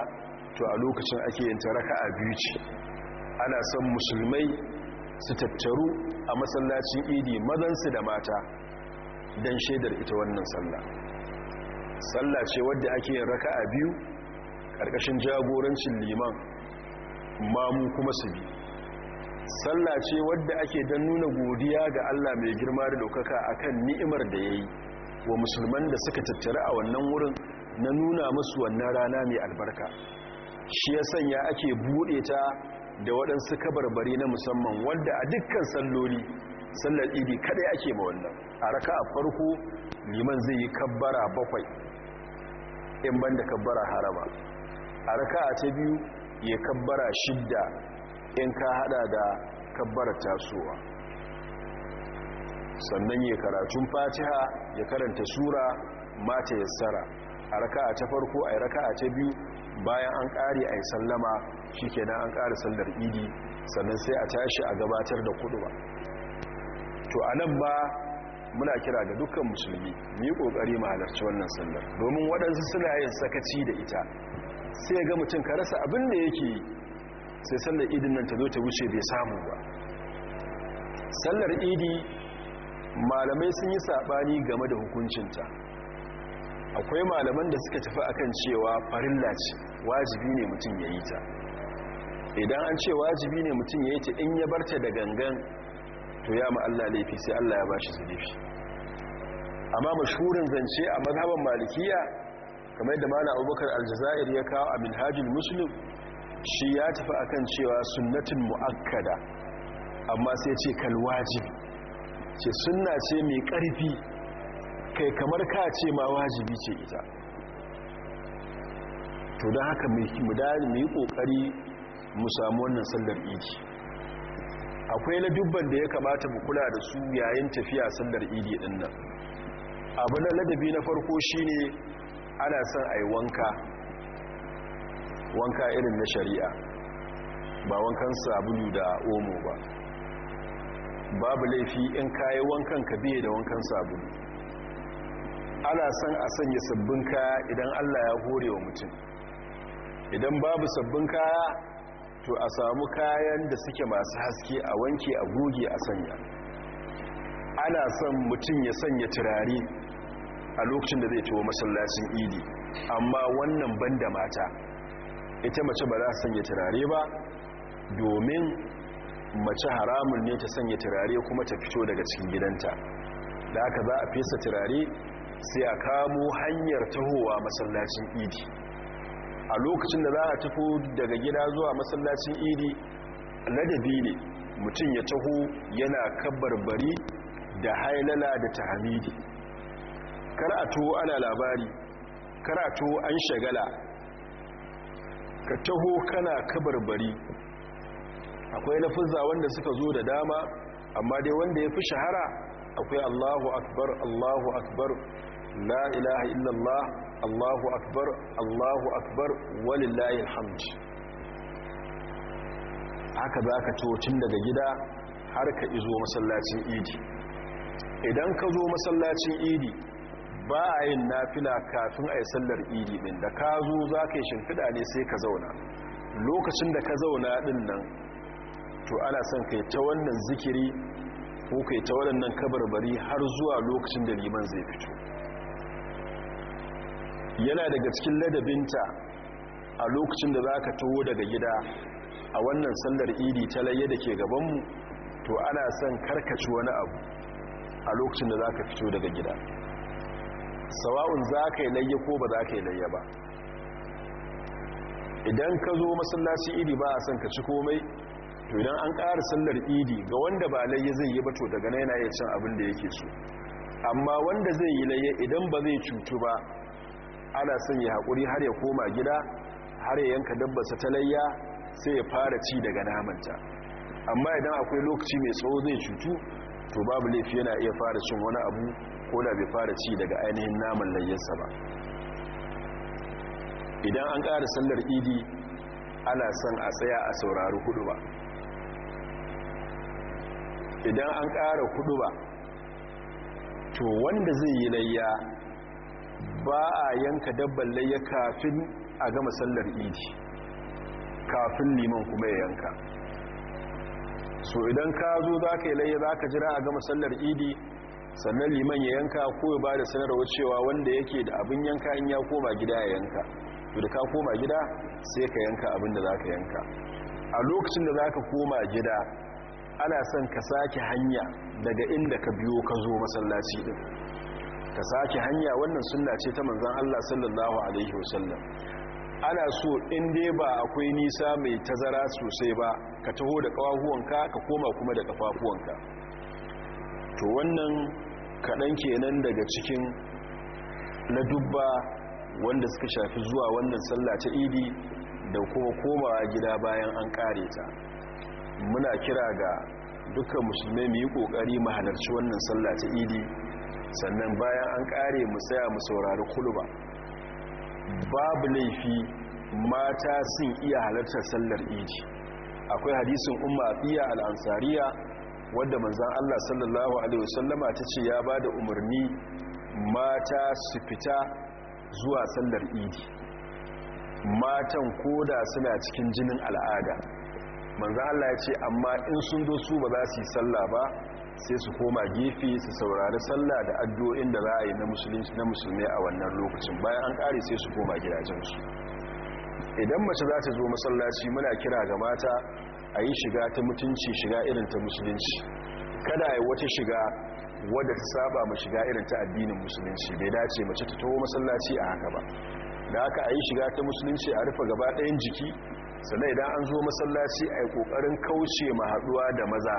to a lokacin ake yanta raka a biyu ce ana son musulmai su tattaru a masallacin idi mazansu da mata don shaidar ita wannan sallah salla ce wadda ake yin raka a biyu ƙarƙashin jagorancin liman mamu kuma su biyu sallah ce wadda ake don nuna godiya ga Allah mai girma da daukaka akan ni'imar da ya yi wa musulman da suka tattara a wannan wurin na nuna musu wannan rana mai albarka shi ya sanya ake buɗe ta da waɗansu kabarbari na musamman wadda a dukkan salloli sallar idi kadai ake ma wannan a raka a farko liman zai yi kabbara bakwai in ban kabbara haraba. a raka a ta biyu ya kabbara shidda in ka hada da kabbarar tasowa sannan ya karatun fatiha ya karanta sura mata yassara a raka a ta farko a raka a ta biyu bayan an kare a yi sallama shi kenan an kare sallar idi sannan sai a tashi a gabatar da kudu ba to a nan ba muna kira ga dukkan musulmi mu yi kokari mu halarci wannan sallar domin waɗansu suna yin sakaci da ita sai ga mutum ka rasa abin da yake sai sallar idin nan ta zo ta wuce bai samu ba sallar idi malamai sun yi saɓani game da hukuncinta akwai malaman da suka tafi akan cewa farilla ce wajibi ne mutum ya yi ta idan an ce wajibi ne mutum ya yi ta in ya barta da gangan to ya Allah laifi sai allah ya ba shi su laifi amma mashhurin zance a mazhaban malikiya kamar da mana abubakar aljazair ya kawo a minhajul muslim shi ya tafi akan cewa sunnatin mu'akkada amma sai ce kalwajib ce sunna ce mai ƙarfi kai kamar ka ce ma wajibi ce ita to don haka mu yi ƙoƙari mu samu wannan sallar idi akwai na dubban da ya kamata mu kula da su yayin tafiya sallar idi ɗin nan abu na ladabi na farko shine ana son a yi wanka wanka irin na shari'a ba wankan sabulu da omo ba babu laifi in kayi wankan ka biye da wankan sabulu ana san a sanya sabbin kaya idan allah ya hore wa mutum idan babu sabbin kaya to a samu kayan da suke masu haske a wanke a goge a sanya ana son mutum ya sanya turare a lokacin da zai ciwo masallacin idi amma wannan banda mata ita mace ba za ta sanya turare ba domin mace haramun ne ta sanya turare kuma ta fito daga cikin gidanta da haka za a fesa turare sai a kamo hanyar tahowa masallacin idi a lokacin da za a tafi daga gida zuwa masallacin idi ladabi ne mutum ya taho yana kabarbari da hailala da tahamidi kar a tuho ana labari kar a tuho an shagala ka taho kana kabarbari akwai lafuzza wanda suka zo da dama amma dai wanda ya fi shahara akwai allahu akbar allahu akbar la ilaha illallah allahu akbar allahu akbar walillahi alhamd haka za ka tun daga gida har ka izo masallacin idi idan ka zo masallacin idi ba a yin nafila kafin a yi sallar idi din da ka zo za ka yi shimfiɗa ne sai ka zauna lokacin da ka zauna ɗin nan to ana son kai ta wannan zikiri ko kai ta waɗannan kabarbari har zuwa lokacin da liman zai fito yana daga cikin ladabinta a lokacin da za ka taho daga gida a wannan sallar idi ta laye da ke gabanmu to ana son karkaci wani abu a lokacin da za ka fito daga gida sawa'un za ka yi layya ko ba za ka yi layya ba idan ka zo masallaci idi ba a son ka ci komai to idan an ƙara sallar idi ga wanda ba layya zai yi ba to daga na yana iya cin abin da yake so amma wanda zai yi layya idan ba zai cutu ba ana son ya haƙuri har ya koma gida har ya yanka dabbasa ta layya sai ya fara ci daga namanta amma idan akwai lokaci mai tsawo zai cutu to babu laifi yana iya fara cin wani abu ko bai fara ci daga ainihin naman layyarsa ba idan an ƙara sallar idi ana son a tsaya a saurari hudu ba idan an ƙara hudu ba to wanda zai yi layya ba a yanka dabban layya kafin a gama sallar idi kafin liman kuma ya yanka so idan ka zo za ka yi layya za ka jira a gama sallar idi sannan liman ya yanka ko ya ba da sanarwa cewa wanda yake da abin yanka in ya koma gida ya yanka to da ka koma gida sai ka yanka abin da za ka yanka a lokacin da za ka koma gida ana son ka sake hanya daga inda ka biyo ka zo masallaci din ka sake hanya wannan sunna ce ta manzon Allah sallallahu alaihi wasallam ana so in dai ba akwai nisa mai tazara sosai ba ka taho da kawahuwanka ka koma kuma da kafafuwanka to wannan kaɗan kenan daga cikin na dubba wanda suka shafi zuwa wannan sallah ta idi da kuma komawa gida bayan an ƙare ta muna kira ga duka musulmai mu yi ƙoƙari mu halarci wannan sallah ta idi sannan bayan an ƙare mu tsaya mu saurari kuluba. babu laifi mata sun iya halartar sallar idi akwai hadisin umma biya al'ansariya wadda manzan Allah sallallahu Alaihi wasallama ta ce ya ba da umarni mata su fita zuwa sallar idi matan koda suna cikin jinin al'ada manzan Allah ya ce amma in sun zo su ba za su yi sallah ba sai su koma gefe su saurari sallah da addu'o'in da za a yi na musulmi a wannan lokacin bayan an ƙare sai su koma gidajensu idan mace za ta zo masallaci muna kira ga mata a yi shiga ta mutunci shiga irin ta musulunci kada a yi wata shiga wadda ta saba ma shiga irin ta addinin musulunci bai dace mace ta taho masallaci a haka ba da haka a yi shiga ta musulunci a rufe gaba ɗayan jiki sannan idan an zo masallaci a yi ƙoƙarin kauce ma haɗuwa da maza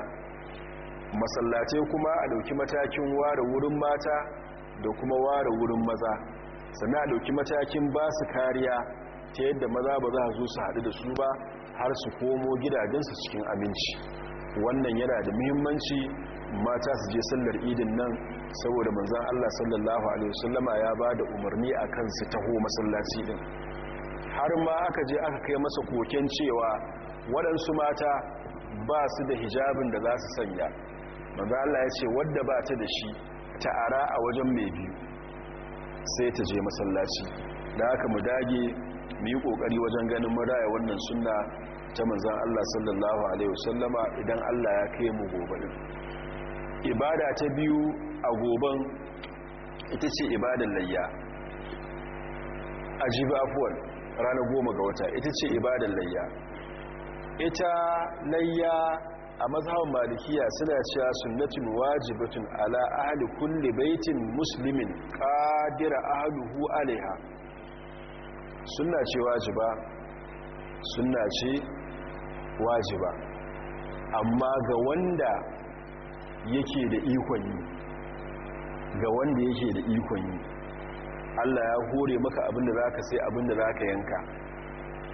masallace kuma a ɗauki matakin ware wurin mata da kuma ware wurin maza sannan a ɗauki matakin ba su kariya ta yadda maza ba za su haɗu da su ba har su komo gidajensu cikin aminci wannan yana da muhimmanci mata su je sallar idin nan saboda manzan Allah sallallahu alaihi wasallama ya ba da umarni a kan su taho masallaci din har ma aka je aka kai masa koken cewa waɗansu mata ba su da hijabin da za su sanya manzan Allah ya ce wadda ba ta da shi ta ara a wajen mai biyu sai ta je masallaci da aka mu dage mu yi kokari wajen ganin maraya wannan suna ta manzon Allah sallallahu alaihi wasallama idan Allah ya kai mu gobe ibada ta biyu a goben ita ce ibadan layya jibi afuwan ranar goma ga wata ita ce ibadan layya ita layya a mazhaban malikiya suna cewa sunnatun wajibatun ala ahli kulli baitin muslimin qadira ahluhu alaiha suna ce wajiba suna ce wajiba amma ga wanda yake da ikon yi ga wanda yake da ikon yi Allah ya hore maka abinda za ka sai abinda za ka yanka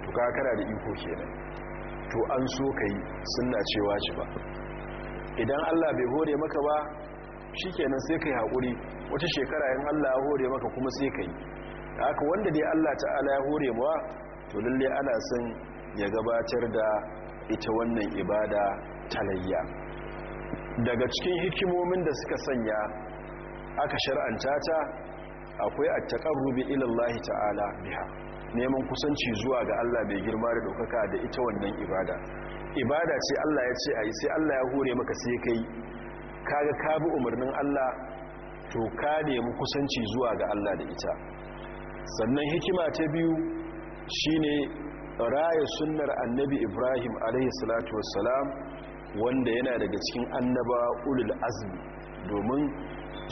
to kakara da iko kenan to an so ka yi suna ce wajiba idan Allah bai hore maka ba shi kenan sai ka yi haƙuri wata shekara yin Allah ya hore maka kuma sai ka yi haka wanda dai Allah ta'ala ya hore mawa to lalle ana son ya gabatar da ita wannan ibada talayya daga cikin hikimomin da suka sanya aka shar'anta ta akwai at-taqarrubi ila Allah ta'ala biha neman kusanci zuwa ga Allah bai girma da ɗaukaka da ita wannan ibada ibada ce Allah ya ce a sai Allah ya hore maka sai kai kaga ka bi umarnin Allah to ka nemi kusanci zuwa ga Allah da ita sannan hikima ta biyu shine raya sunnar annabi ibrahim a.s. wanda yana daga cikin annaba ulul azmi domin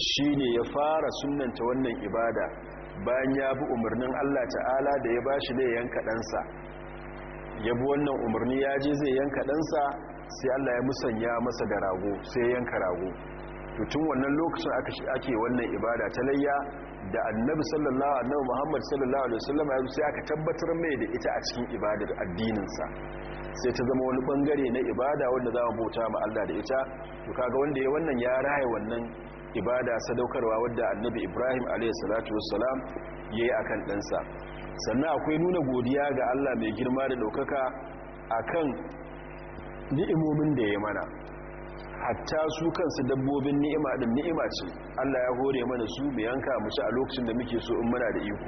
shi ne ya fara sunanta wannan ibada bayan ya bi umarnin allah ta'ala da ya bashi ne yanka ɗansa ya bi wannan umarni ya je zai yanka ɗansa sai allah ya musanya masa da rago sai yanka rago tutun wannan lokacin ake wannan ibada ta layya da annabi sallallahu annabi muhammad sallallahu alaihi wasallam ya sai aka tabbatar mai da ita a cikin ibadar addininsa sai ta zama wani bangare na ibada wanda za mu bauta ma Allah da ita to kaga wanda ya wannan ya raye wannan ibada sadaukarwa wanda annabi ibrahim alaihi salatu wassalam yayi akan ɗansa sannan akwai nuna godiya ga Allah mai girma da ɗaukaka akan ni'imomin da ya mana hatta su kansu dabbobin ni'ima din ni'ima ce Allah ya hore mana su mu yanka mu a lokacin da muke so in muna da iko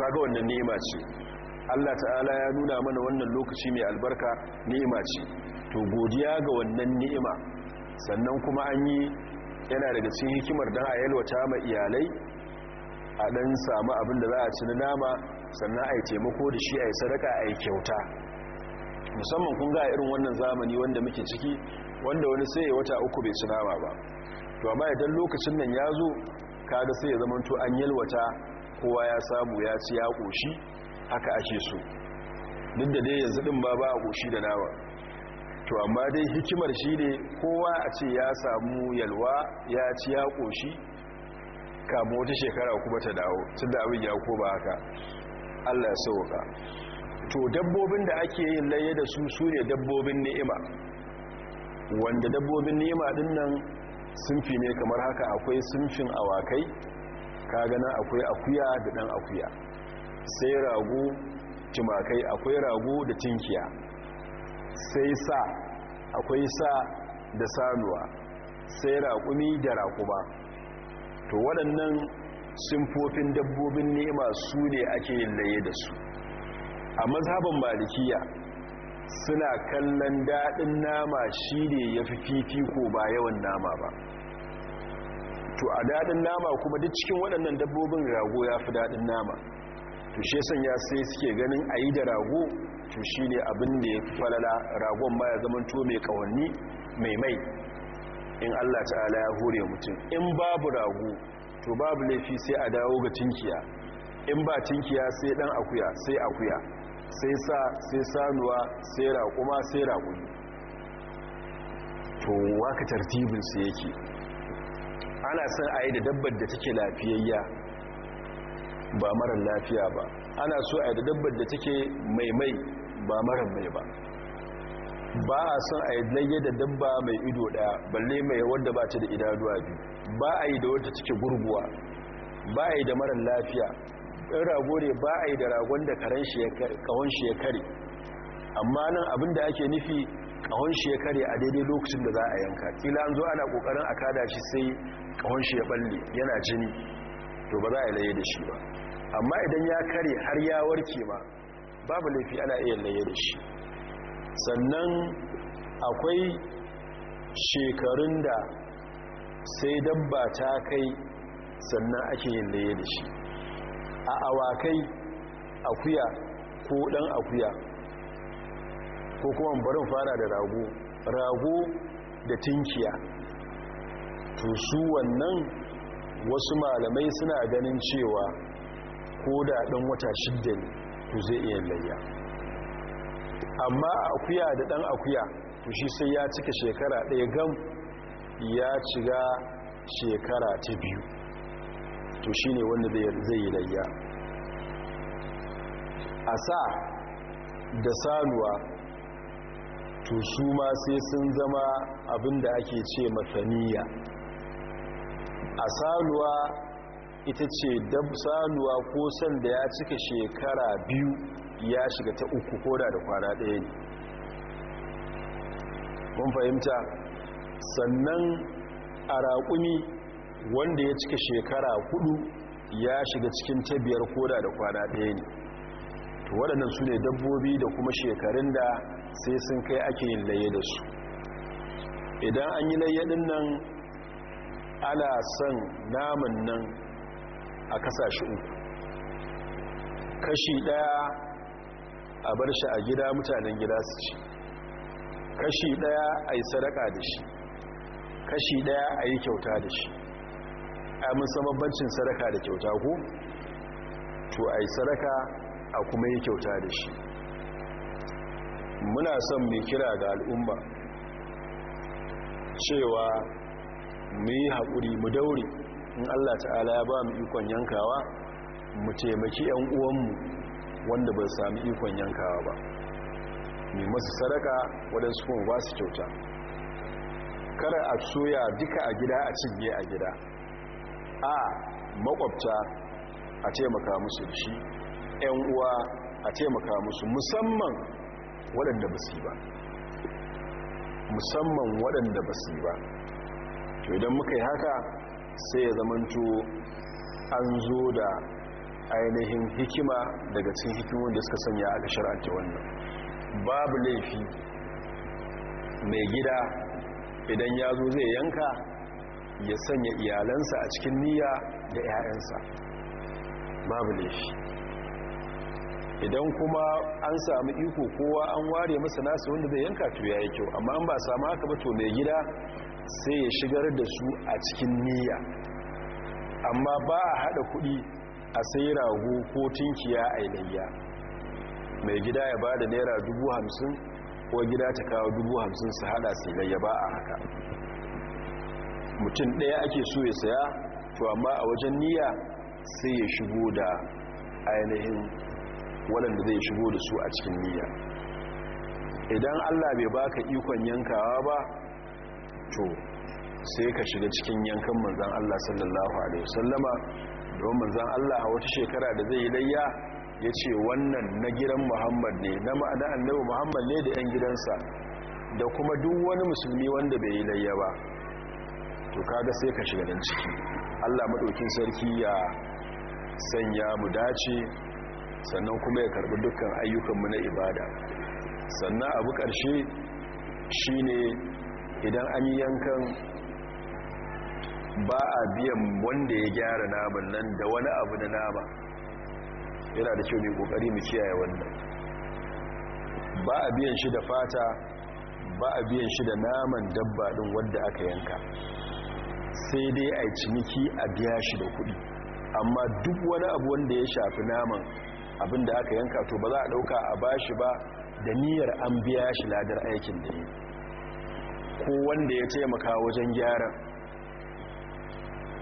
kaga wannan ni'ima ce Allah ta'ala ya nuna mana wannan lokaci mai albarka ni'ima ce to godiya ga wannan ni'ima sannan kuma an yi yana daga cikin hikimar dan a yalwata ma iyalai a dan samu abin da za a ci na nama sannan a yi taimako da shi a yi sadaka a yi kyauta musamman kun ga irin wannan zamani wanda muke ciki wanda wani sai wata uku bai ci nama ba to amma idan lokacin nan ya zo kaga sai ya zamanto an yalwata kowa ya samu ya ci ya koshi haka ake so duk da dai yanzu din ba ba a koshi da nama to amma dai hikimar shi ne kowa a ce ya samu yalwa ya ci ya koshi kama wata shekara kuma ta dawo tun da abin ya ba haka allah ya sauka to dabbobin da ake yin laye da su su ne dabbobin ni'ima wanda dabbobin nema din nan sunfi ne kamar haka akwai sunfin awakai Ka gana akwai akuya da dan akuya sai rago timakai akwai rago da tinkiya sai sa akwai sa da sanuwa sai raƙumi da raƙuma to waɗannan simfofin dabbobin nema su ne ake yin laye da su a mazhaban malikiya suna kallon daɗin nama shi ne ya fi fifiko ba yawan nama ba to a daɗin nama kuma duk cikin waɗannan dabbobin rago ya fi daɗin nama to shi sanya sai suke ganin a yi da rago to shi ne abin da ya fi falala ragon ba ya zama to mai kawanni mai mai in allah ta'ala ya hore mutum in babu rago to babu laifi sai a dawo ga tinkiya in ba tinkiya sai ɗan akuya sai akuya sai sa sai sanuwa sai raƙuma sai raƙuni to waka tartibinsu yake ana son a yi da dabbar da take lafiyayya ba marar lafiya ba ana so a yi da dabbar da take maimai ba marar mai ba ba a son a yi laye da dabba mai ido ɗaya balle mai wadda ba ta da idanuwa biyu ba a yi da wadda take gurguwa ba a yi da marar lafiya ɗan rago ne ba a yi da ragon da kawon shi ya kare amma nan abin da ake nufi ƙawon shi ya kare a daidai lokacin da za a yanka kila an zo ana ƙoƙarin a kada shi sai ƙawon shi ya balle yana jini to ba za a laye da shi ba amma idan ya kare har ya warke ba babu laifi ana iya laye da shi sannan akwai shekarun da sai dabba ta kai sannan ake yin laye da shi a awakai akuya ko dan akuya ko kuma barin fara da rago rago da tinkiya to su wannan wasu malamai suna ganin cewa ko da dan wata shidda ne to zai iya layya amma akuya da dan akuya to shi sai ya cika shekara ɗaya gam ya ciga shekara ta biyu to shi ne wanda zai yi layya a sa da sanuwa to su ma sai sun zama abinda ake ce mataniya a sanuwa ita ce dab sanuwa ko sanda ya cika shekara biyu ya shiga ta uku koda da kwana ɗaya ne kun fahimta sannan a raƙumi wanda ya cika shekara hudu ya shiga cikin tabiyar koda da kwana ɗaya ne to waɗannan su ne dabbobi da kuma shekarun da sai sun kai ake yin laye da su idan an yi laye nan ana son naman nan a kasashe uku kashi ɗaya a bar shi a gida mutanen gida su ci kashi ɗaya a yi sadaka da shi kashi ɗaya a yi kyauta da shi a baccin sadaka da kyauta ko to a yi sadaka a kuma yi kyauta da shi muna son mai kira ga al'umma cewa mu yi haƙuri mu daure in allah ta'ala ya ba mu ikon yankawa mu taimaki 'yan uwanmu wanda ba sami ikon yankawa ba mai masu sadaka waɗansu kuma ba su kyauta kada a soya duka a gida a cinye a gida a makwabta a taimaka musu da shi ‘yan uwa a taimaka musu musamman waɗanda ba ba musamman waɗanda ba su ba to idan muka yi haka sai ya zamanto an zo da ainihin hikima daga cikin hikimun da suka sanya a gashar ake wannan babu laifi mai gida idan ya zo zai yanka ya sanya iyalansa a cikin niyya da 'ya'yansa babu laifi idan kuma an samu iko kowa an ware masa nasu wanda zai yanka to ya yi kyau amma an ba samu haka ba to mai gida sai ya shigar da su a cikin niyya amma ba a haɗa kuɗi a sai rago ko tunkiya a ilayya mai gida ya ba da naira dubu hamsin ko gida ta kawo dubu hamsin su haɗa su ilayya ba a haka mutum ɗaya ake so ya saya to amma a wajen niyya sai ya shigo da ainihin waɗanda zai shigo da su a cikin niyya idan allah bai baka ikon yankawa ba to sai ka shiga cikin yankan manzan allah sallallahu alaihi wasallama don manzan allah a wata shekara da zai yi layya ya ce wannan na gidan muhammad ne na ma'ana annabi muhammad ne da 'yan gidansa da kuma duk wani musulmi wanda bai yi layya ba to kaga sai ka shiga nan ciki allah maɗaukin sarki ya sanya mu dace sannan kuma ya karɓi dukkan mu na ibada sannan abu ƙarshe shine idan an yi yankan ba a biyan wanda ya gyara naman nan da wani abu na nama yana da kyau mai ƙoƙari mu kiyaye wannan ba a biyan shi da fata ba a biyan shi da naman dabba ɗin wadda aka yanka sai dai a ciniki a biya shi da kuɗi amma duk wani abu wanda ya shafi naman abin da aka yanka to ba za a ɗauka a bashi ba da niyyar an biya shi ladar aikin da yi ko wanda ya taimaka wajen gyara.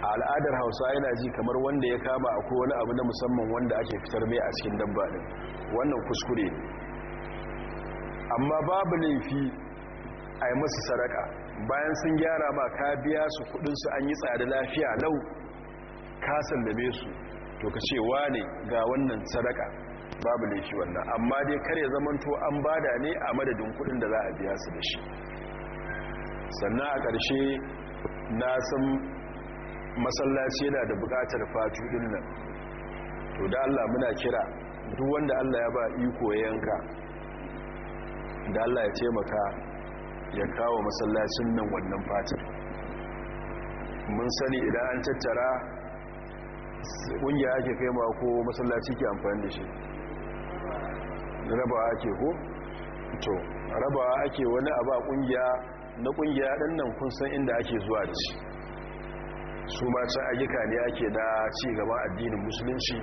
a al'adar hausa yana ji kamar wanda ya kama akwai wani abu na musamman wanda ake fitar mai a cikin dabba ɗin wannan kuskure ne amma babu laifi a yi masu saraka bayan sun gyara ma ka biya su kudinsu an yi tsada lafiya lau ka sallame su to ka ce wane ga wannan sadaka babu laifi wannan amma dai kar ya zamanto an bada ne a madadin kudin da za a biya su da shi sannan a ƙarshe na san masallaci yana da buƙatar fatu ɗin nan to da allah muna kira duk wanda allah ya ba iko yanka da allah ya taimaka ya kawo masallacin nan wannan fatin mun sani idan an tattara ƙungiya ake kai ma ko masallaci ke amfani da shi rabawa ake ko? to rabawa ake wani abu a ƙungiya na ƙungiya ɗan nan kun san inda ake zuwa da shi su mata ayyuka ne ake da ci gaban addinin musulunci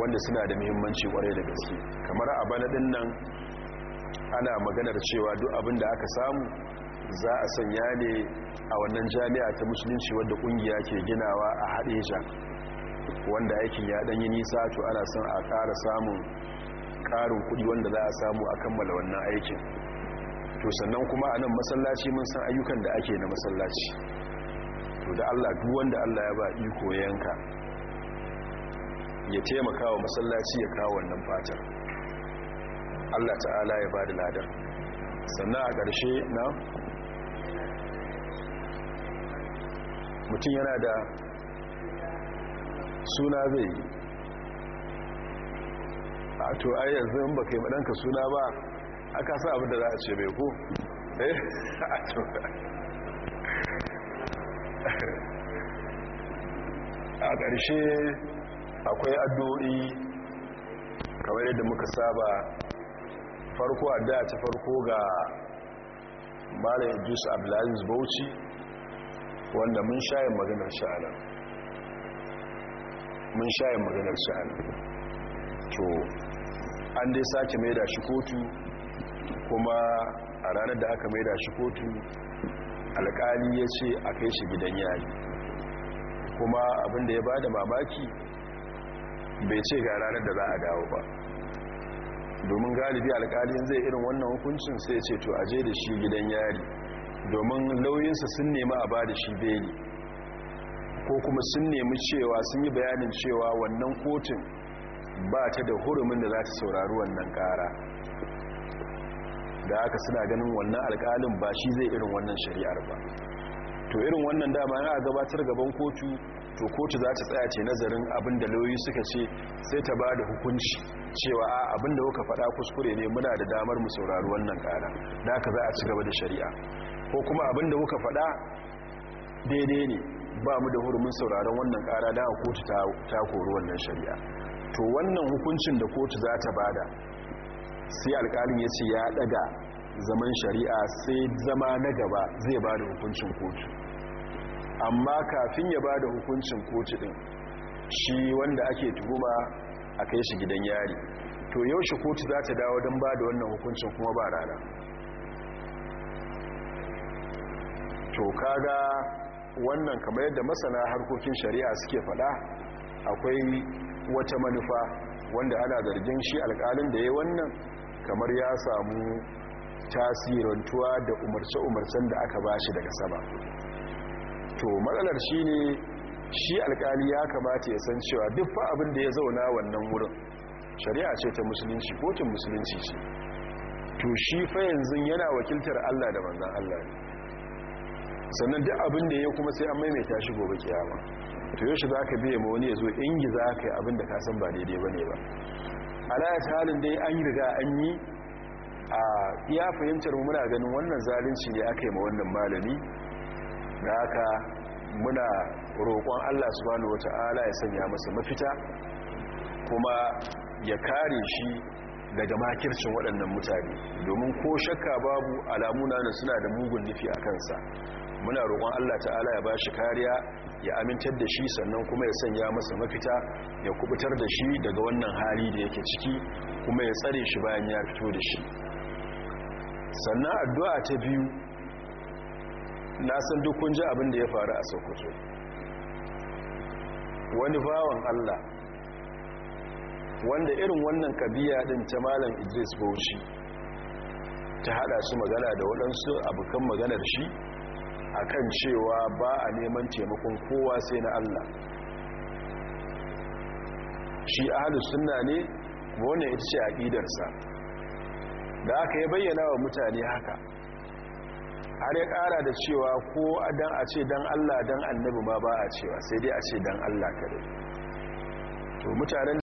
wanda suna da muhimmanci kwarai da gaske kamar a bana ɗin nan ana maganar cewa duk abin da aka samu za a sanya ne a wannan jami'a ta musulunci wadda kungiya ke ginawa a hadeja wanda aikin ya danyi nisa to ana son a ƙara samun ƙarin kudi wanda za a samu a kammala wannan aikin to sannan kuma a nan masallaci mun san ayyukan da ake na masallaci to da allah duk wanda allah ya ba iko yanka ya taimaka wa masallaci ya kawo wannan fatar Allah ta'ala ya ba da ladar sannan a ƙarshe na mutum yana da suna zai yi a to a yanzu in ka yi maɗanka suna ba aka sa abin da za a ce mai ko eh, <laughs> a a ƙarshe akwai addu'o'i kamar yadda muka saba farko a da ta farko ga malam idris abdulaziz bauchi wanda mun shayin maganar sha'anar mun shayin maganar sha'anar to an dai sake maida shi kotu kuma a ranar da aka da shi kotu alkali ya ce a kai shi gidan yari kuma abinda ya ba da mamaki bai ce ga ranar da za a dawo ba domin galibi alkalin zai irin wannan hukuncin sai ce to aje da shi gidan yari domin lauyinsa sun nemi a ba da shi beli ko kuma sun nemi cewa sun yi bayanin cewa wannan kotun ba ta da hurumin da za ta saurari wannan kara da aka suna ganin wannan alkalin ba shi zai irin wannan shari'ar ba to irin wannan dama yana gabatar gaban kotu to kotu za ta tsaya ce nazarin abin da lauyi suka ce sai ta ba da hukunci cewa a abin da kuka faɗa kuskure ne muna da damar mu saurari wannan ƙara da za a ci gaba da shari'a ko kuma abin da kuka faɗa daidai ne ba mu da hurumin sauraron wannan kara da kotu ta kori wannan shari'a to wannan hukuncin da kotu za ta bada sai alƙalin ya ce ya ɗaga zaman shari'a sai zama na gaba zai ba da hukuncin kotu amma kafin ya ba da hukuncin kotu din shi wanda ake tuhuma a kai shi gidan yari to yaushe kotu za ta dawo don ba da wannan hukuncin kuma ba rana to kaga wannan kamar yadda masana harkokin shari'a suke fada akwai wata manufa wanda ana zargin shi alkalin da ya wannan kamar ya samu tasirantuwa da umarce-umarcen da aka ba shi daga sama to matsalar shi ne shi alkali ya kamata ya san cewa duk fa abin da ya zauna wannan wurin shari'a ce ta musulunci kotun musulunci ce to shi fa yanzu yana wakiltar Allah da manzon Allah ne sannan duk abin da ya kuma sai an maimaita shi gobe kiyama to yaushe za ka biya ma wani ya zo ingi za ka yi abin da ka san ba daidai ba ne ba alayat halin dai an riga an yi a iya fahimtar mu muna ganin wannan zalunci ne aka yi ma wannan malami da haka muna roƙon allah subhanahu wata'ala ya sanya masa mafita kuma ya kare shi daga makircin waɗannan mutane domin ko shakka babu alamuna na suna da mugun nufi a kansa muna roƙon allah ta'ala ya bashi kariya ya amintar da shi sannan kuma ya sanya masa mafita ya kubutar da shi daga wannan hali da yake ciki kuma ya tsare shi bayan ya fito da shi sannan addu'a ta biyu na san duk kun ji abin da ya faru a sokoto wani bawan allah wanda irin wannan kabiya din ta malam idris bauchi ta hada su magana da waɗansu abokan maganar shi akan cewa ba a neman taimakon kowa sai na allah shi ahalus suna ne wannan ita ce aƙidarsa da aka yi bayyana wa mutane haka har ya kara da cewa ko dan a ce dan Allah dan annabi ma ba a cewa sai dai a ce dan Allah kare to mutanen